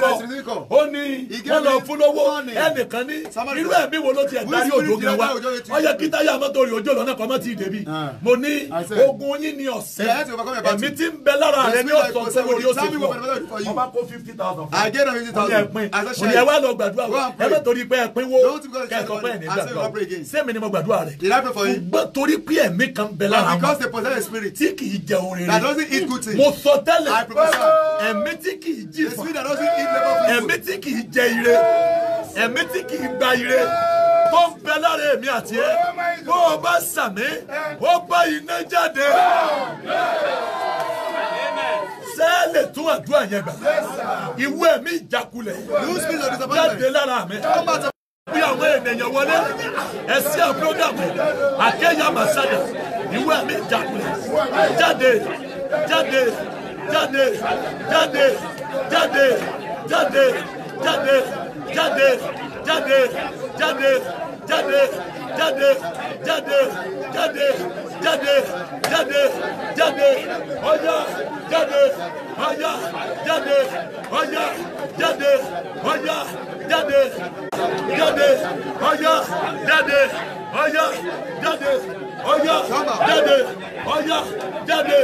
Speaker 1: ó ní wọ́n lọ fún lówó ẹnìkan ní irú ẹ̀mí wo ló ti ẹ̀dárí òjò gan wa ó yẹ kí táyà mọ́tò rí òjò lọ́nà kan mọ́ ti dèbí ah. mo ní ogun yín ní ọ̀sẹ̀ ẹ̀mí tí ń bẹ lára rẹ ní ọ̀sán sẹ́wọ́n fún ẹ̀ nígbà kan sẹ́mi ni mo gbàdúrà rẹ̀ ṣùgbọ́n torí pé ẹ̀mí kan bẹ lára wọn tí kì í jẹ orin rẹ̀ mo sọ tẹ́lẹ̀ ẹ̀mí tí kì í jí fún ẹ̀mí tí kì í jẹ ire ẹ̀mí tí kì í gba ire tó ń bẹ lára èmi àti ẹ bó o bá sàmí ó bá iná jáde sẹ́ẹ̀lẹ̀ tó àdúrà yẹn gbà ìwé mi ìjákulẹ̀ jáde lára mi àwọn ènìyàn wọlé ẹsẹ̀ àpúrógàmù àkẹ́yàmàsádà ìwé mi ìjàkulẹ̀ jáde jáde jáde jáde jáde jáde jáde jáde jáde jáde jáde jáde jáde jáde jáde jáde jáde ọyá jáde ọyá jáde ọyá jáde ọyá jáde jáde ọyọ jáde ọyọ jáde ọyọ jáde ọyọ jáde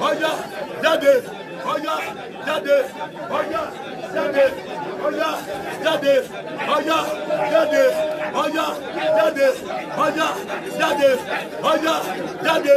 Speaker 1: ọyọ jáde ọyọ jáde ọyọ jáde ọyọ jáde ọyọ jáde ọyọ jáde ọyọ jáde ọyọ jáde.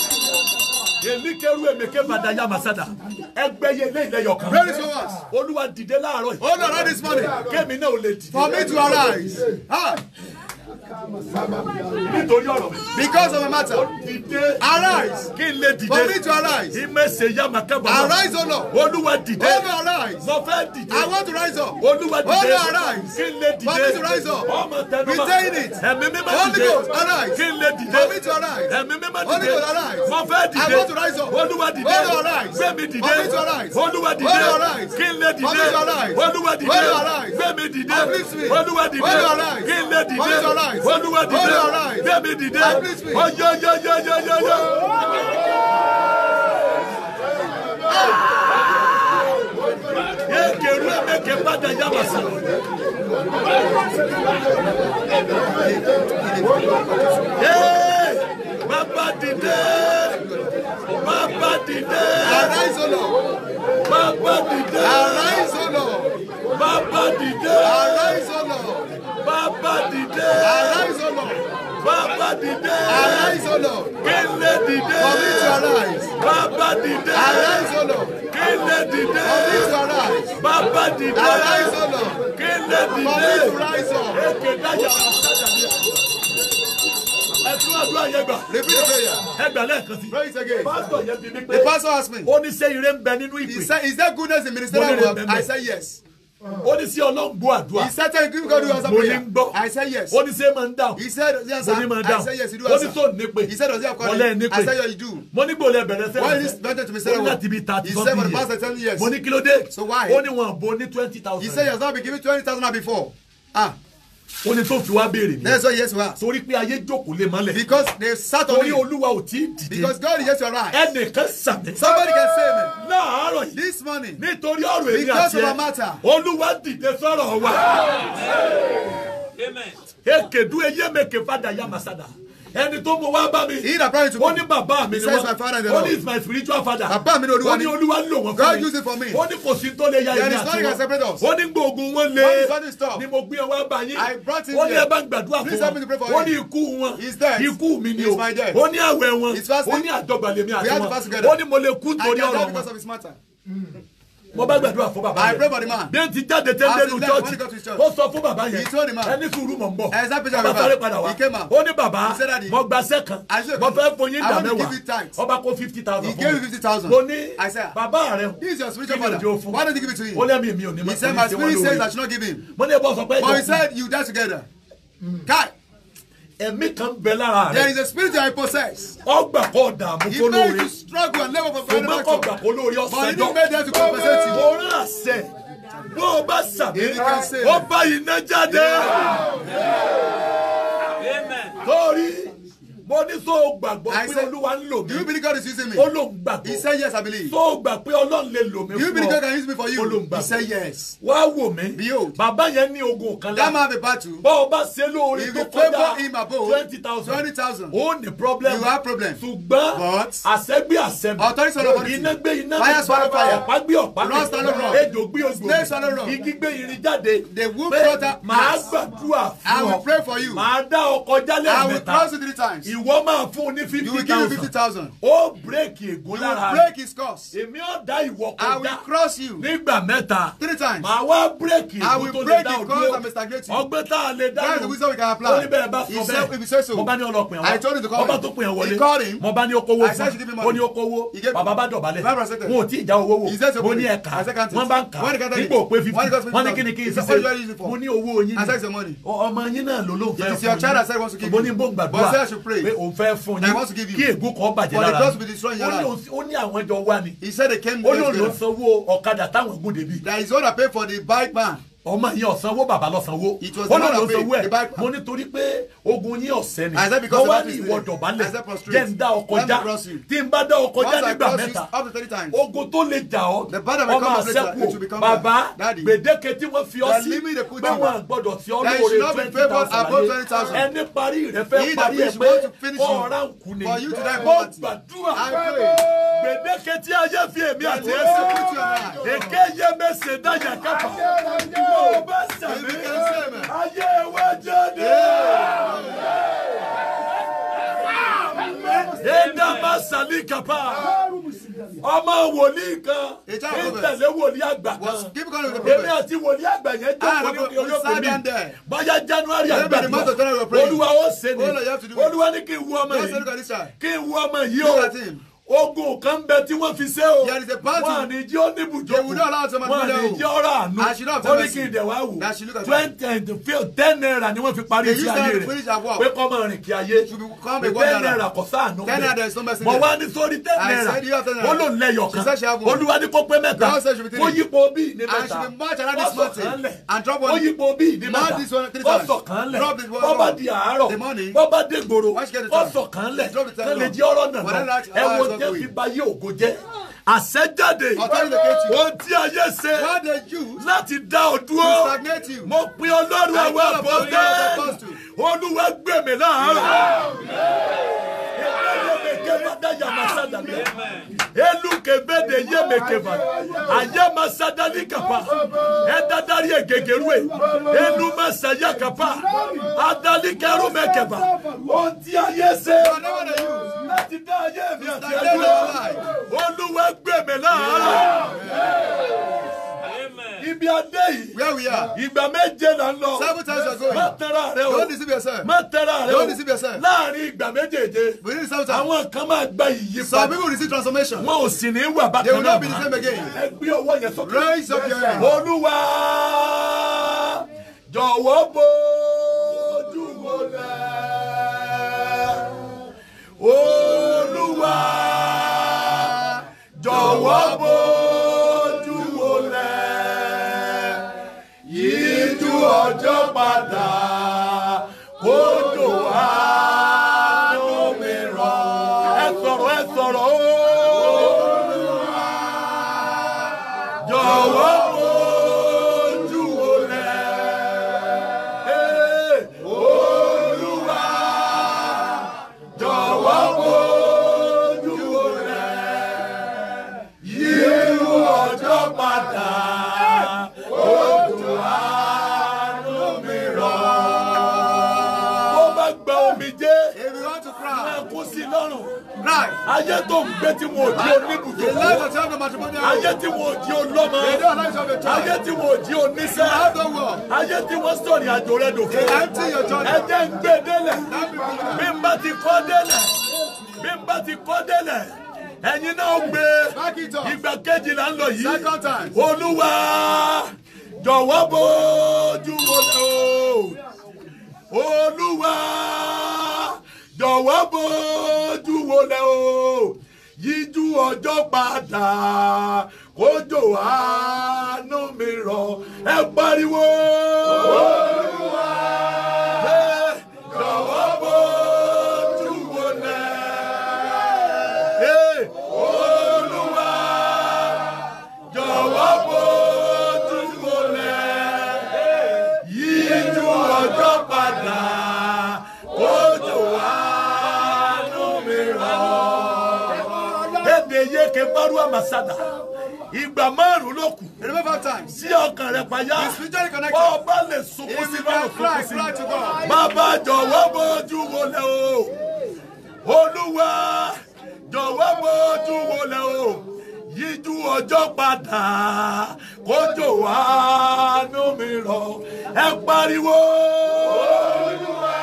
Speaker 1: elikeru emeke badaya masada ẹgbẹ́ yẹn lé ilẹ̀ yọkan. very so much. olúwa dìde láàárọ̀ yìí. hold on this money. kémi náà ò lè dìde. for me to arise. Ah nítorí ọ̀rọ̀ mi. because of a matter. dìde. arise. kí n lè dìde. for me to arise. ìmẹ̀ ṣe ya màkà bàbá. arise o lọ. olúwa dìde. olúwa arise. mo fẹ́ dìde. I want to rise up. olúwa dìde. olúwa arise. kí n lè dìde. for me to rise up. ọmọ tẹnumọ́. retain it. ẹ̀mí mi máa dìde. Holy Ghost arise. kí n lè dìde. for me to arise. ẹ̀mí mi máa dìde. Holy Ghost arise. mo fẹ́ dìde. I want to rise up. olúwa dìde. olúwa arise. gbẹ̀mí dìde. for me to arise. olúwa dìde. olúwa arise. kí n lè dìde. for me to arise. olúwa dìde. olúwa arise. gbẹ̀mí dìde. for me to arise. olúwa dìde. kí n lè dìde. for me to arise olúwa dìde bẹ́ẹ̀mi dìde ọjọ́jọ́jọ́jọ́jọ́. Ekeru emeke bada yabasa. Ee, baba dìde, baba dìde. Arise o Lord. Bàbá dìde. Arise o Lord. Bàbá dìde. Arise o Lord. Bàbá dìde. Arise o Lord. Bàbá dìde. Arise o Lord. Kélé dìde. Commit your rise. Bàbá dìde. Arise o Lord. Kélé dìde. Commit your rise. Bàbá dìde. Arise o Lord. Kélé dìde. Commit your rise o the prayer. ẹ gbà pastor yẹn me. ó ní ṣé ire ń bẹ nínú ìpè. he said is there goodness in ministerial work? I said yes ó ní sí ọlọ́run gbọ́ àdúrà. he said thank you God do answer prayer. mo ní gbọ́. I said yes. ó ní sẹ́ máa ń dáhùn. he said yes. he mo ní máa ń dáhùn. I said yes he do answer. ó ní tó nípe. he said does he have calling. ọlẹ́ nípe. I said yes he do. mo ní gbòòlẹ̀ bẹ̀rẹ̀ sẹ́yìn. why this doctor to me say that. ó ní láti thirty something years. he said for the past ten years. mo ní kí ló so why. ó ní wọn bo ní twenty thousand. he said he has not been giving twenty thousand naira before. ah wọ́n ní tó fi wá béèrè ni. that's why yes wa. torí pé ayé jókòó lè mọ́lẹ̀. because they sat on it. torí olúwa ò tí dìde. because God is yes right. ẹnìkan sàmì. somebody can say amen. láàárọ̀ yìí. this morning. nítorí ọ̀rọ̀ èmi àti ẹ. because of a matter. olúwa dìde sọ̀rọ̀ wa. amen. ekedu eyemeke fada yamasada ẹni tó mọ wá bá mi. he that brought to me. ó ní bàbá mi ni wọ́n. he says my father in the Lord. ó ní is my spiritual father. bàbá mi ni olúwa ni. ó ní olúwa lò wọ́n fún mi. God use it for me. ó ní kò sí tó lè ya ìrìn àti wọn. there is nothing can separate us. ó ní gbòògùn wọn lé. one is not stop. ni mo gbé ọwọ́ bá yín. I brought him here. ó ní ẹ ń gbàdúrà fún wọn. please help me to pray for him. ó ní ikú wọn. his death. ikú mi ni o. is my death. ó ní àwẹ̀ wọn. his fasting. ó ní àjọgbàlẹ̀ mi àti wọn. we have to fast together. ó ní mo lè kú torí ọ̀rọ̀ wọn. I can die because of his matter. Mm mo bá gbàdúrà fún bàbá yẹn bí n ti jáde tẹ́ lẹ́nu chọ́ọ̀chì ó sọ fún bàbá yẹn ẹni sùúrù mọ̀ ń bọ̀ ọba sáré padà wá ó ní bàbá mo gba sẹ́kàn mo fẹ́ fún yín dà mẹ́wàá ọba kó fifty thousand fún mi mo ní bàbá rẹ kí ni òjò fún ó lẹ́mìí mi ò ní mọ̀ ní ìṣẹ́wọ́n lórí mo ní ẹ bọ́ sọ pé ẹ jọ fún mi ẹ̀mí kan bẹ lára rẹ. there is a spirit that I possess. ọgbà kọ dààmú kó lóore. he made you struggle and never compare with ọgbà kó lóore ọsẹ jọ. but he didn't make them to compensate you. orí àṣẹ bó o bá sàbí ó bá iná jáde. torí mo ní so gbàgbọ́ pé olúwa ń lò mí. do you believe God is using me. ó he said yes I believe. so gbà pé ọlọ́run lè lò mí do you believe God can use me for you. ó he said yes. wá wò mí. behold. bàbá yẹn ní ogun kan lá. that man be battle. bọ́ ọ bá ṣe lóore tó kọjá twenty thousand. twenty thousand. ó ní problem. you have problem. ṣùgbọ́n àṣẹgbé àṣẹbí. authority sọ̀rọ̀ kọ́ni. iná gbé iná gbé pàápàá ọ̀pá gbé ọ̀pá gbé. ejò gbé ogbò. igi gbé irin jáde. the wood brother. màá gbàdúrà fún ọ. I will pray for you. màá dá ọkọ jálẹ̀ mẹ́ta. I will cross you three times ìwọ máa fún ní fifty thousand. you will give him fifty thousand. ó bírèkì ègún lára you will break his course. èmi ó dá ìwọ kọjá. I will cross you. nígbà mẹ́ta. three times. màá wá break ègún tó lè dá òdúró. I will break the course and mistagrate you. ọgbẹ́ tá a lè dá lò. that is the wisdom we can apply. ó ní bá sọ bẹ́ẹ̀. he said so. mo bá ní ọlọpìn àwọn. I told him to call him. ọba tó pin àwọn wọlé. he called him. mo bá ní okòwò fún. I said you give him money. ó ní okòwò. bàbá bá dọ̀bálẹ̀. wọn ò tí ì já owó wò. he said so. mo ní ẹ̀ka. wọ́n bá ń kà. nígbò pé fifty. wọ́n ní kí ni kí mo ní owó yín ni. ọmọ yín náà ló ló fẹ́ fún mi pé òun fẹ́ fún yín kí ègún kan bàjẹ́ lára ó ní àwọn ẹjọ́ wá ni ó ní òun sanwó ọ̀kadà táwọn ègún débi. that is all I pay for the bike man ọmọ yẹn ọ̀sánwó bàbá lọ́sánwó ó lọ lọ sanwó ẹ̀ mo nítorí pé ogun yín ọ̀sẹ̀ ni wọ́n wá ní ìwọ dọ̀bálẹ̀ jẹ́ ń dá ọkọ já tí n bá dá ọkọ já nígbà mẹ́ta ogun tó lè jà ọ́ ọmọ àṣẹ́kù bàbá gbèdéke tí wọ́n fi ọ́ sí pé wọ́n gbọ́dọ̀ sí ọ́ lóore twenty thousand ayé ẹni parí rẹ fẹ́ parí ẹ pé ọ̀rá ni ó gbàdúrà gbèdéke tí ayé fi èmi àti ẹsẹ èké yé mẹsẹ dájà kápá mo bá sàmì ayé wa jáde. Edama sali kapa ọmọ wòlíì kan ń tẹ̀lé àgbà kan èmi àti wòlíì àgbà yẹn jẹ́ wòlíì olóògbé mi bọ́jà january àgbà kan olúwa ó sèlè olúwa ní kí n wú ọmọ yìí kí n wú ọmọ yìí o ogun kan bẹ tí wọ́n fi ṣe o wọ́n ní jí ó ní ibùjókòó wọ́n ní jí ó rà àánú ó ní kí ìdẹ̀wà wò twenty and field oh, ten naira ni wọ́n fi parí iṣẹ́ ayé rẹ̀ pé kọ́ mọ̀ rìn kí ayé ten naira kò sáànù bẹ̀ mọ̀ wá ní sórí ten naira ó lò lẹ́yọ̀ kan olúwa ní kó pé mẹ́ta ó yípo bí ní mẹ́ta ó sọ̀ kan lẹ̀ ó yípo bí ní mẹ́ta ó sọ̀ kan lẹ̀ bọ́bá di àárọ̀ bọ́bá dé gbòòrò ó sọ̀ kan lẹ̀ kán lè jí ọ̀rọ̀ nàná ẹ̀wọ̀n ayé fi ba ayé ògo jẹ́ àṣẹjáde ohun tí ayé ṣe láti dá ọ dúró mo pin ọlọ́run àwọn àbọ̀dé olúwa gbèmí láàárọ̀ elukebede yemekeba ayamasadani kapa ẹdadari egegerue enumasaya kapa adalikeru mekeba ohun ayé ṣe láti dá ayé mi àti ayé lọ olúwa gbèmí láàárọ̀ ibi adé yìí. we are. ìgbà méje là ń lọ. seven times you are going. má tẹ́ra rẹ o. don't deceive yourself. má tẹ́ra rẹ o. don't deceive yourself. láàrin ìgbà méjèèje. within seven times. àwọn kan máa gba ìyípadà. some people receive transformation. wọn ò sì ní wà bákan náà. they will not be the same again. ẹ ọwọ́ yẹn sókè. raise up your hand. olúwa jọ̀wọ́ bójú wo lẹ́ẹ̀ olúwa jọ̀wọ́ bójú wo lẹ̀ yíjú ọjọ́ padà. life. ayé tó ń gbé tí wọn di oníbùdó. the life of the matrimonial. ayé tí wọn di olọ́mọ. the life of a child. ayé tí wọn di oníṣẹ́. the other world. ayé tí wọ́n sọ̀rọ̀ ìrìnàjò rẹ̀ dòfin. the empty your journey. ẹ jẹ́ ń gbé délẹ̀. bí n bá ti kọ́ délẹ̀. bí n bá ti kọ́ délẹ̀ ẹ̀yin náà gbé ìgbà kejìlá ń lọ yìí olúwa jọ̀wọ́ bójú wọlé o olúwa jọ̀wọ́ bójú olúwolẹ o yíjú ọjọ́ padà kójò àánú mi rọ̀ ẹ pariwo. Oh! Kaluwa Masada. Ìgbà márùn-ún ló kù. Sí ọkàn rẹ̀ payá. Bọ́ ọba lè sunkún sí lọ́rùn sunkún sí. Bàbá jọ̀wọ́ bójú wọlé o. Olúwa jọ̀wọ́ bójú wọlé o. Yíjú ọjọ́ padà kójò àánú mi rọ̀. Ẹ pariwo. Olúwa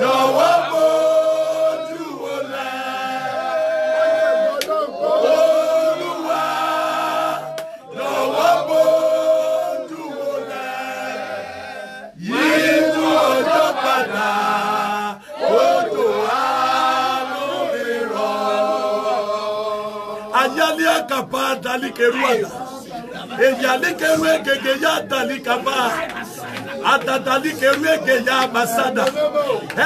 Speaker 1: jọ̀wọ́. ya dalikeruada eyalikeru egege ya dalikaba adadalikeru ege ya masada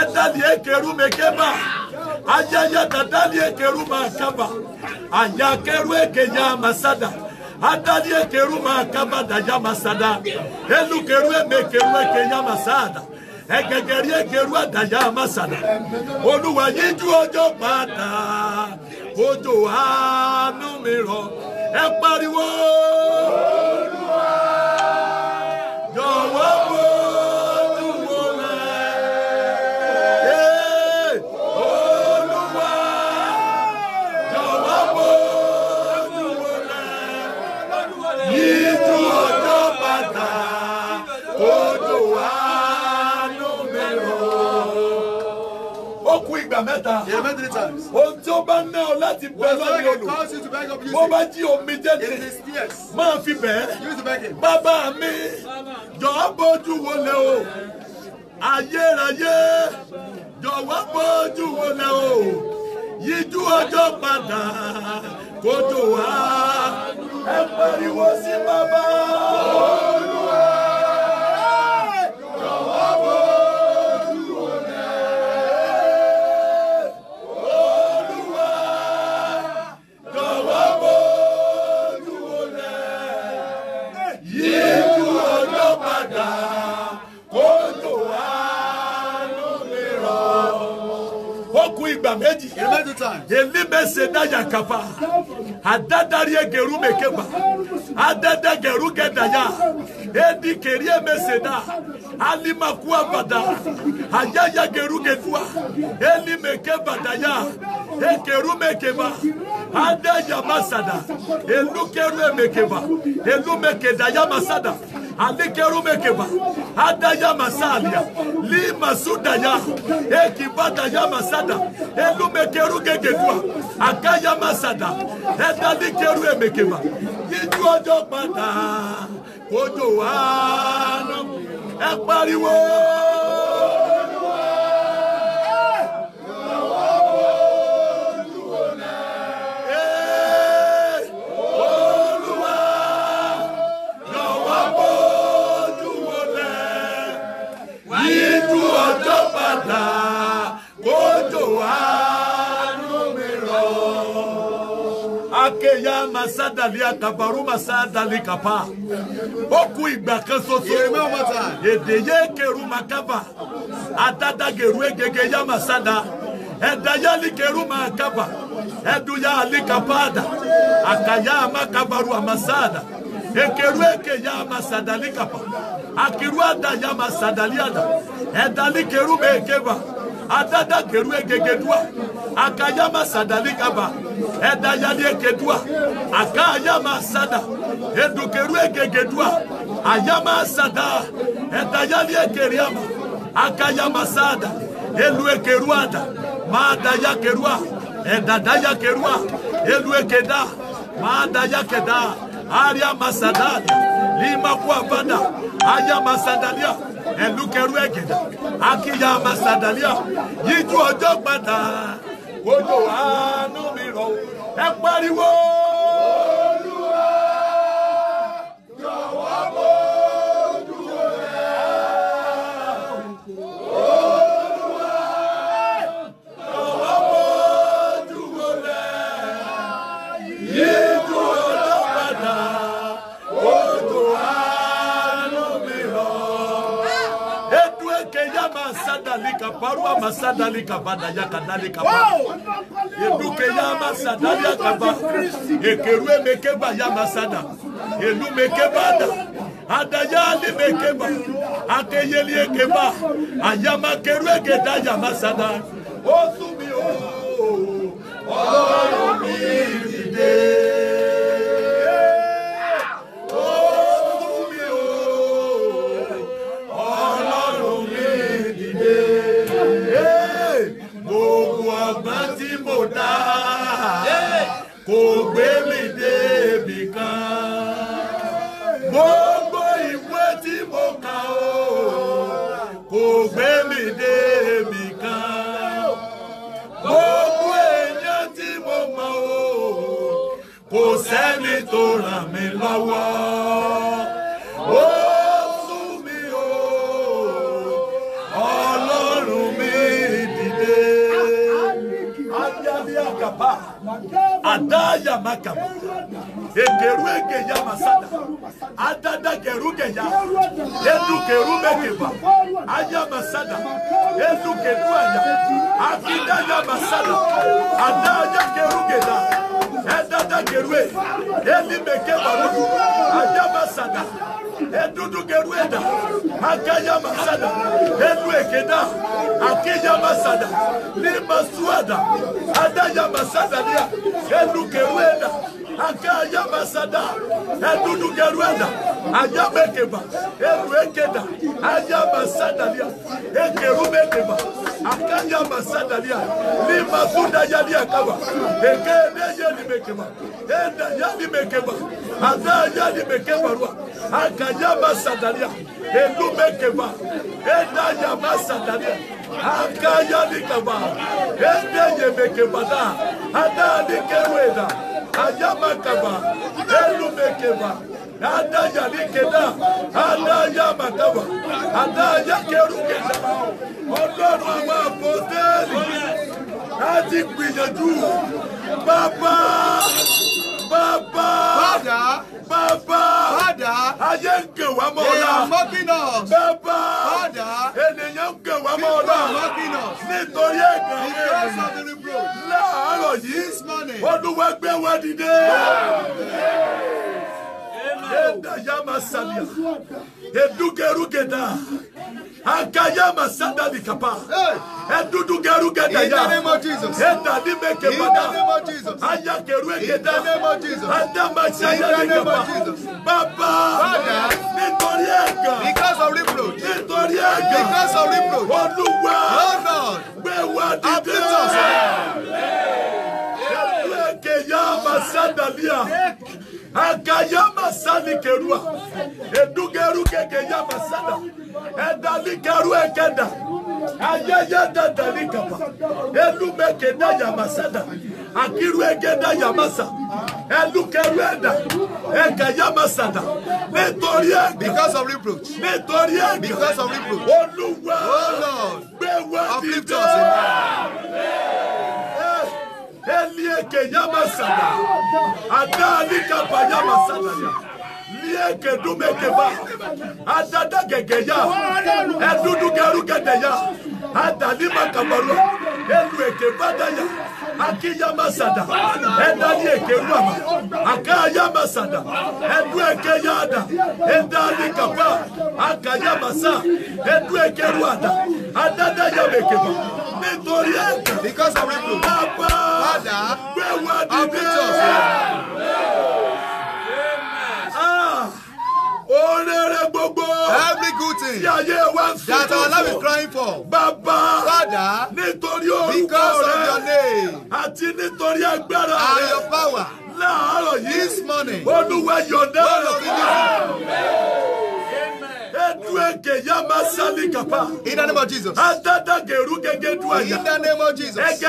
Speaker 1: edali ekeru mekeba ayaya dadali ekeru makaba ayakeru ege ya masada adali ekeru makaba daya masada elukeru emekeru ege ya masada ẹgẹgẹrí ẹgẹrú àdàyà àmàsàdà olúwa yíjú ọjọ́ pátá òjò àánú mi rọ̀ ẹ pariwo. Olúwa. ìgbà mẹ́ta. He made three times. Ohun tí ó bá ná ọ láti bẹ lọ́dún olù. Bó bá jí omi jẹ́ ní. Máa fi bẹ́ẹ̀. Bàbá mi,
Speaker 2: jọ̀ọ́ bójú wọlé o.
Speaker 1: Ayérayé, jọ̀wọ́ bójú wọlé o. Yíjú ọjọ́ padà kó tó wá. Ẹ pariwo sí bàbá. Olú. padà kójú wa ló lè rọ. ó kù ìgbà méjì. èlé mẹ́sẹ̀ dájà kàfà àdádárì ẹgẹrú mẹ́kẹ́bà àdádẹ́gẹrú gẹ̀dàyà édi kèrí ẹ̀mẹ́sẹ̀ dà alimaku abada ayaya geru gedua elimeke badaya ekeru mekeba adaya masada elukeru emekeba elumekedaya masada alekerumekeba adaya masalia limasudaya ekibadaya masada elumekerugegedua akaya masada edalikeru emekeba yíjú ọjọ́ padà kójó wa náà la masadali akabaru masadali kapa ó kù ìgbà kan ṣoṣo èdè yé kẹrù makaba adadageru egege ya masada ẹdayali kẹrù makaba ẹduya alikapada akaya amakabaru amasada ekeru eke ya masadali kapa akiru ada ya masadali ada ẹdali kẹrù mekeba adada geru dua, akayama sadalikaba ɛdayali dua, akayama sada edokeru dua, ayama sada ɛdayali ekeriama akayama sada elu ekeruada madaya kerua ɛdadaya kerua elu ekeda madaya keda aria masadalia lima kuavanda aya masadalia ẹlúkẹrú ẹgẹdà akiya masadalia yíjú ọjọ́ padà ojú àánú mi rọ̀ ẹ pariwo. Olúwa jọ̀wọ́ bò. kabarua masadali kabada ya kadali kaba
Speaker 2: eduke ya masadali ya kaba
Speaker 1: ekeru emekeba ya masada elu mekebada adaya ali mekeba akeyeli ekeba ayama keru egeda ya masada osu mi o ọ̀rọ̀ mi dìde. bàbá team, mo
Speaker 2: madaya
Speaker 1: makaba ekeru ya masada adada keru keya edu keru mekeba aya masada edu kedu aya akidaya masada adaya keru keya ɛdada gerue eli meke barudu adaba sada edudu gerue da makaya masada elu ekeda akeya masada lima suada adaya masada lia elu gerue da. ake ayaba sada edunuge rueda ayaba ekeba eru ekeda ayaba sadalia ekerube ekeba akanyaba sadalia limatunda yaliakaba eke edeye limekeba enda yalimekeba ya ya ya elu adayani mekebarua akanyama sataria elumekeba edayama sataria akayanikaba edeyemekebada adayanikeweda ayamakaba elumekeba adayanikeda adayamakaba adayakerukeda ọlọ́run àwọn àpótẹ́ẹ̀lì láti gbìyànjú papa. Baba, Father. Bàbá. Father. Ayé ń kè wá mọ́ ọ̀la. They are mocking us. Bàbá. Father. Ènìyàn ń kè wá mọ́ ọ̀la. People are mocking us. Nítorí ẹ̀gàn rẹ̀. Because of the reproach. Láàárọ̀ yìí. This morning. Olúwa gbé wa dìde. Yeah. Enda yama salia. Edugeru geda. Akayama sada likapa. Edudugeru geda ya. Enda dime kebada. Aya kerue geda. Adama sada likapa. Baba. Nítorí ẹ̀gàn. Because of reproach. Nítorí ẹ̀gàn. Because of reproach. Olúwa. Hold on. Gbé wa dìde. Abdul Sọ̀rọ̀. Ẹ̀dùn ẹ̀kẹ̀ yá Masadaliya akayama kerua edugeru keke yama sada ekeda ayeye dadali kapa akiru egeda yama elukeru eda eka yama sada because of reproach nítorí ẹ̀dá because of reproach Oh Lord, gbé wá dìde elieke yamasada adaalika yamasada ya lieke dumekeba adadagegeya edudugerugedaya adalimakamaru eluekebadaya akiyamasada edaliekeruama akayamasada eduekeyada edalikapa akayamasa eduekeruada adadayamekeba nítorí ẹ̀ka. because of reproof ọ̀dà gbé wọn dìde. Orere gbogbo. Every good thing. Tí ayé wa ń sùn. That our love is crying for. Baba, Fàdà. Nítorí orúkọ rẹ̀. Because of your name. Àti nítorí agbára rẹ̀. And your power. Láàárọ̀ yìí. This morning. Olúwa yọ̀ǹda rẹ̀ fún mi. In the name of Jesus. In the name of Jesus. In the name of Jesus.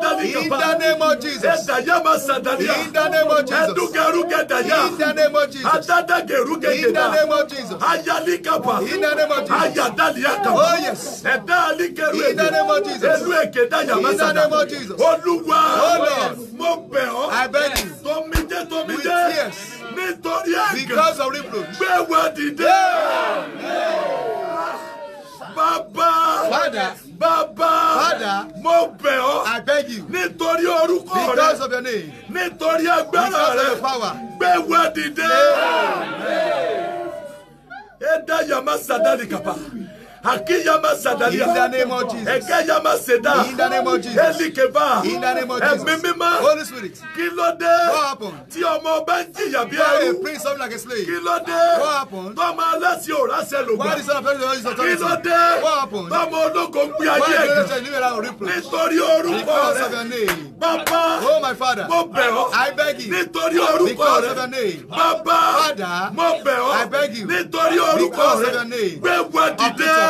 Speaker 1: In the name of Jesus. In the name of Jesus. In the name of Jesus. Oh, In the name of Jesus. In the name of Jesus. In the name of Jesus. In the name of Jesus. In the name of Jesus. In the name of Jesus. In In In In In In In the the the the the the the name name name name name name of of of of of of Jesus. Jesus. Jesus. Jesus. Jesus. Jesus. Olúwa. Oh Lord. Mo bẹ̀ ọ́. I beg you. Tomide tomide. With tears nítorí ẹ̀gàn because of dìde. Bàbá. Father. Bàbá. Father. Mo bẹ̀ ọ́. I beg you. Nítorí orúkọ rẹ. Because of your name. Nítorí agbára rẹ. Because of your power. Gbé wa dìde. Ẹ dá yàmá sàdánì Akiyama Sadalia. In the name of Jesus. Seda. In the name of Jesus. In the name of Jesus. Holy Spirit. Kí ló dé? What happened? Tí ọmọ ọba ń jìyà bí ẹrú. Why a prince of like a slave? Kí ló dé? What happened? Tọ́mọ aláṣẹ ò ráṣẹ lògbà. Why the What happened? Tọ́mọ Oh my father. Mo I beg you. Nítorí orúkọ rẹ̀. Father. I beg you. Nítorí orúkọ rẹ̀. Gbé wa dìde.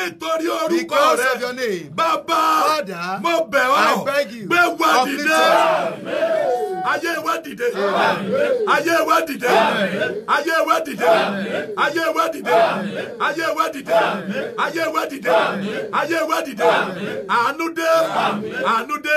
Speaker 1: nítorí orúkọ rẹ bàbá mo bẹ̀ ọ́ gbé wa dìde ayé wa dìde ayé wa dìde ayé wa dìde ayé wa dìde ayé wa dìde ayé wa dìde ayé wa dìde àánú dé àánú dé.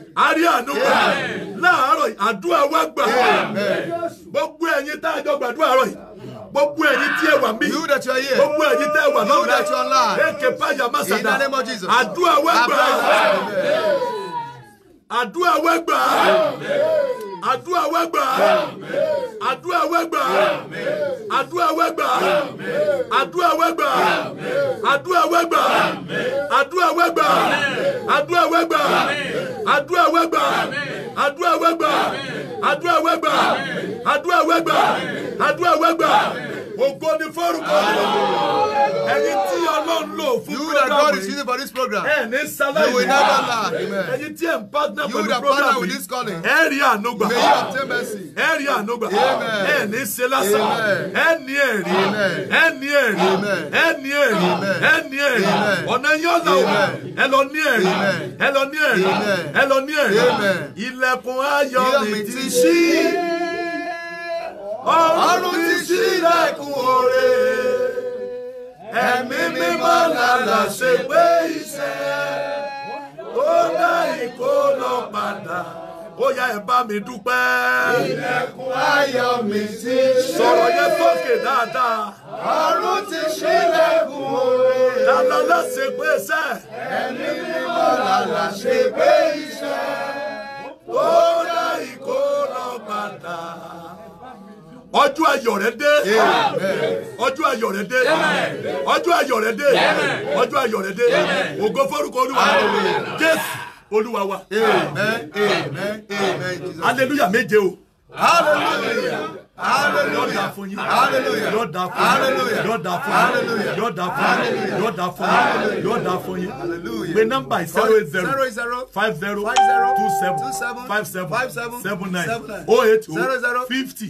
Speaker 1: àrí àánú gbà láàárọ̀ àdúrà wa gbà gbogbo ẹ̀yin tá a jọ gbàdúrà rọ̀ yìí gbogbo ẹ̀yin tí ẹ wà mí gbogbo ẹ̀yin tẹ́ wà lọ́la èké báyà má sàdá àdúrà wa gbà àdúrà wa gbà àdúrà wa gbà àdúrà wa gbà àdúrà wa gbà àdúrà wa gbà àdúrà wa gbà àdúrà wa gbà àdúrà wa gbà àdúrà wa gbà àdúrà wa gbà ògo ni fọ́rùkọ ẹni tí ọlọ́run lò fún program yìí. you that God is using for this program. ẹ ní sáláì yìí. you will never lie. ẹni tí ẹ ń partner pẹ̀lú program yìí. you that partner with this calling. ẹ rí ànúgbà. may you obtain mercy. ẹ rí ànúgbà. amen. ẹ ní ṣe lásán. amen. ẹ ní ẹ̀rí. amen. ẹ ní ẹ̀rí. amen. ẹ ní ẹ̀rí. amen. ẹ ní ẹ̀rí. amen. ọ̀nà yóò là wá. ẹ lọ ní ẹ̀rí. amen. ẹ lọ ní ẹ̀rí. amen. ẹ lọ ní ẹ̀rí. amen. ilẹ̀kùn ayọ̀ mi ti ṣí
Speaker 2: ọ̀run ti ṣílẹ̀kùn
Speaker 1: òre ẹ̀mí mímọ́ làlà ṣe pé iṣẹ́ tó dá ìkó lọ padà ó yá ẹ bá mi dúpẹ́. ilẹ̀kùn ayọ̀ mi ti ṣe. sọ̀rọ̀ yẹn sókè dáadáa.
Speaker 2: ọ̀run ti ṣílẹ̀kùn
Speaker 1: òre. lálá láṣẹ pé iṣẹ́. ẹ̀mí mímọ́ làlà ṣe pé iṣẹ́. ó dá ìkó padà. ọjọ́ ayọ̀ rẹ dé ọjọ́ ayọ̀ rẹ dé ọjọ́ ayọ̀ rẹ dé ọjọ́ ayọ̀ rẹ dé olúwa jésù olúwa wa aleluya méje o Hallelujah. Hallelujah. Yóò dá fún yín. Yóò dá fún yín. Yóò dá fún yín. Yóò dá fún yín. Yóò dá fún yín. Hallelujah. Pé nọ́mbà yìí zero eight zero. Zero zero. Five zero. Five zero. Two seven. Two seven. Five seven. Five seven. Seven nine. Seven nine. Oh eight oh. Zero zero. Fifty.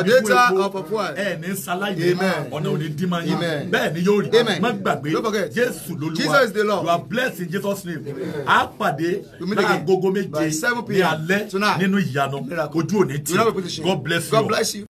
Speaker 1: creator of of what. ẹ ní sáláyé ọ̀nà òní dímọ̀ yín bẹ́ẹ̀ ni yóò rí má gbàgbé jésù lolúwa you are blessed in Jesus name a pàdé láagogo méje ní alẹ́ nínú ìyanu ojú òní tì God bless you.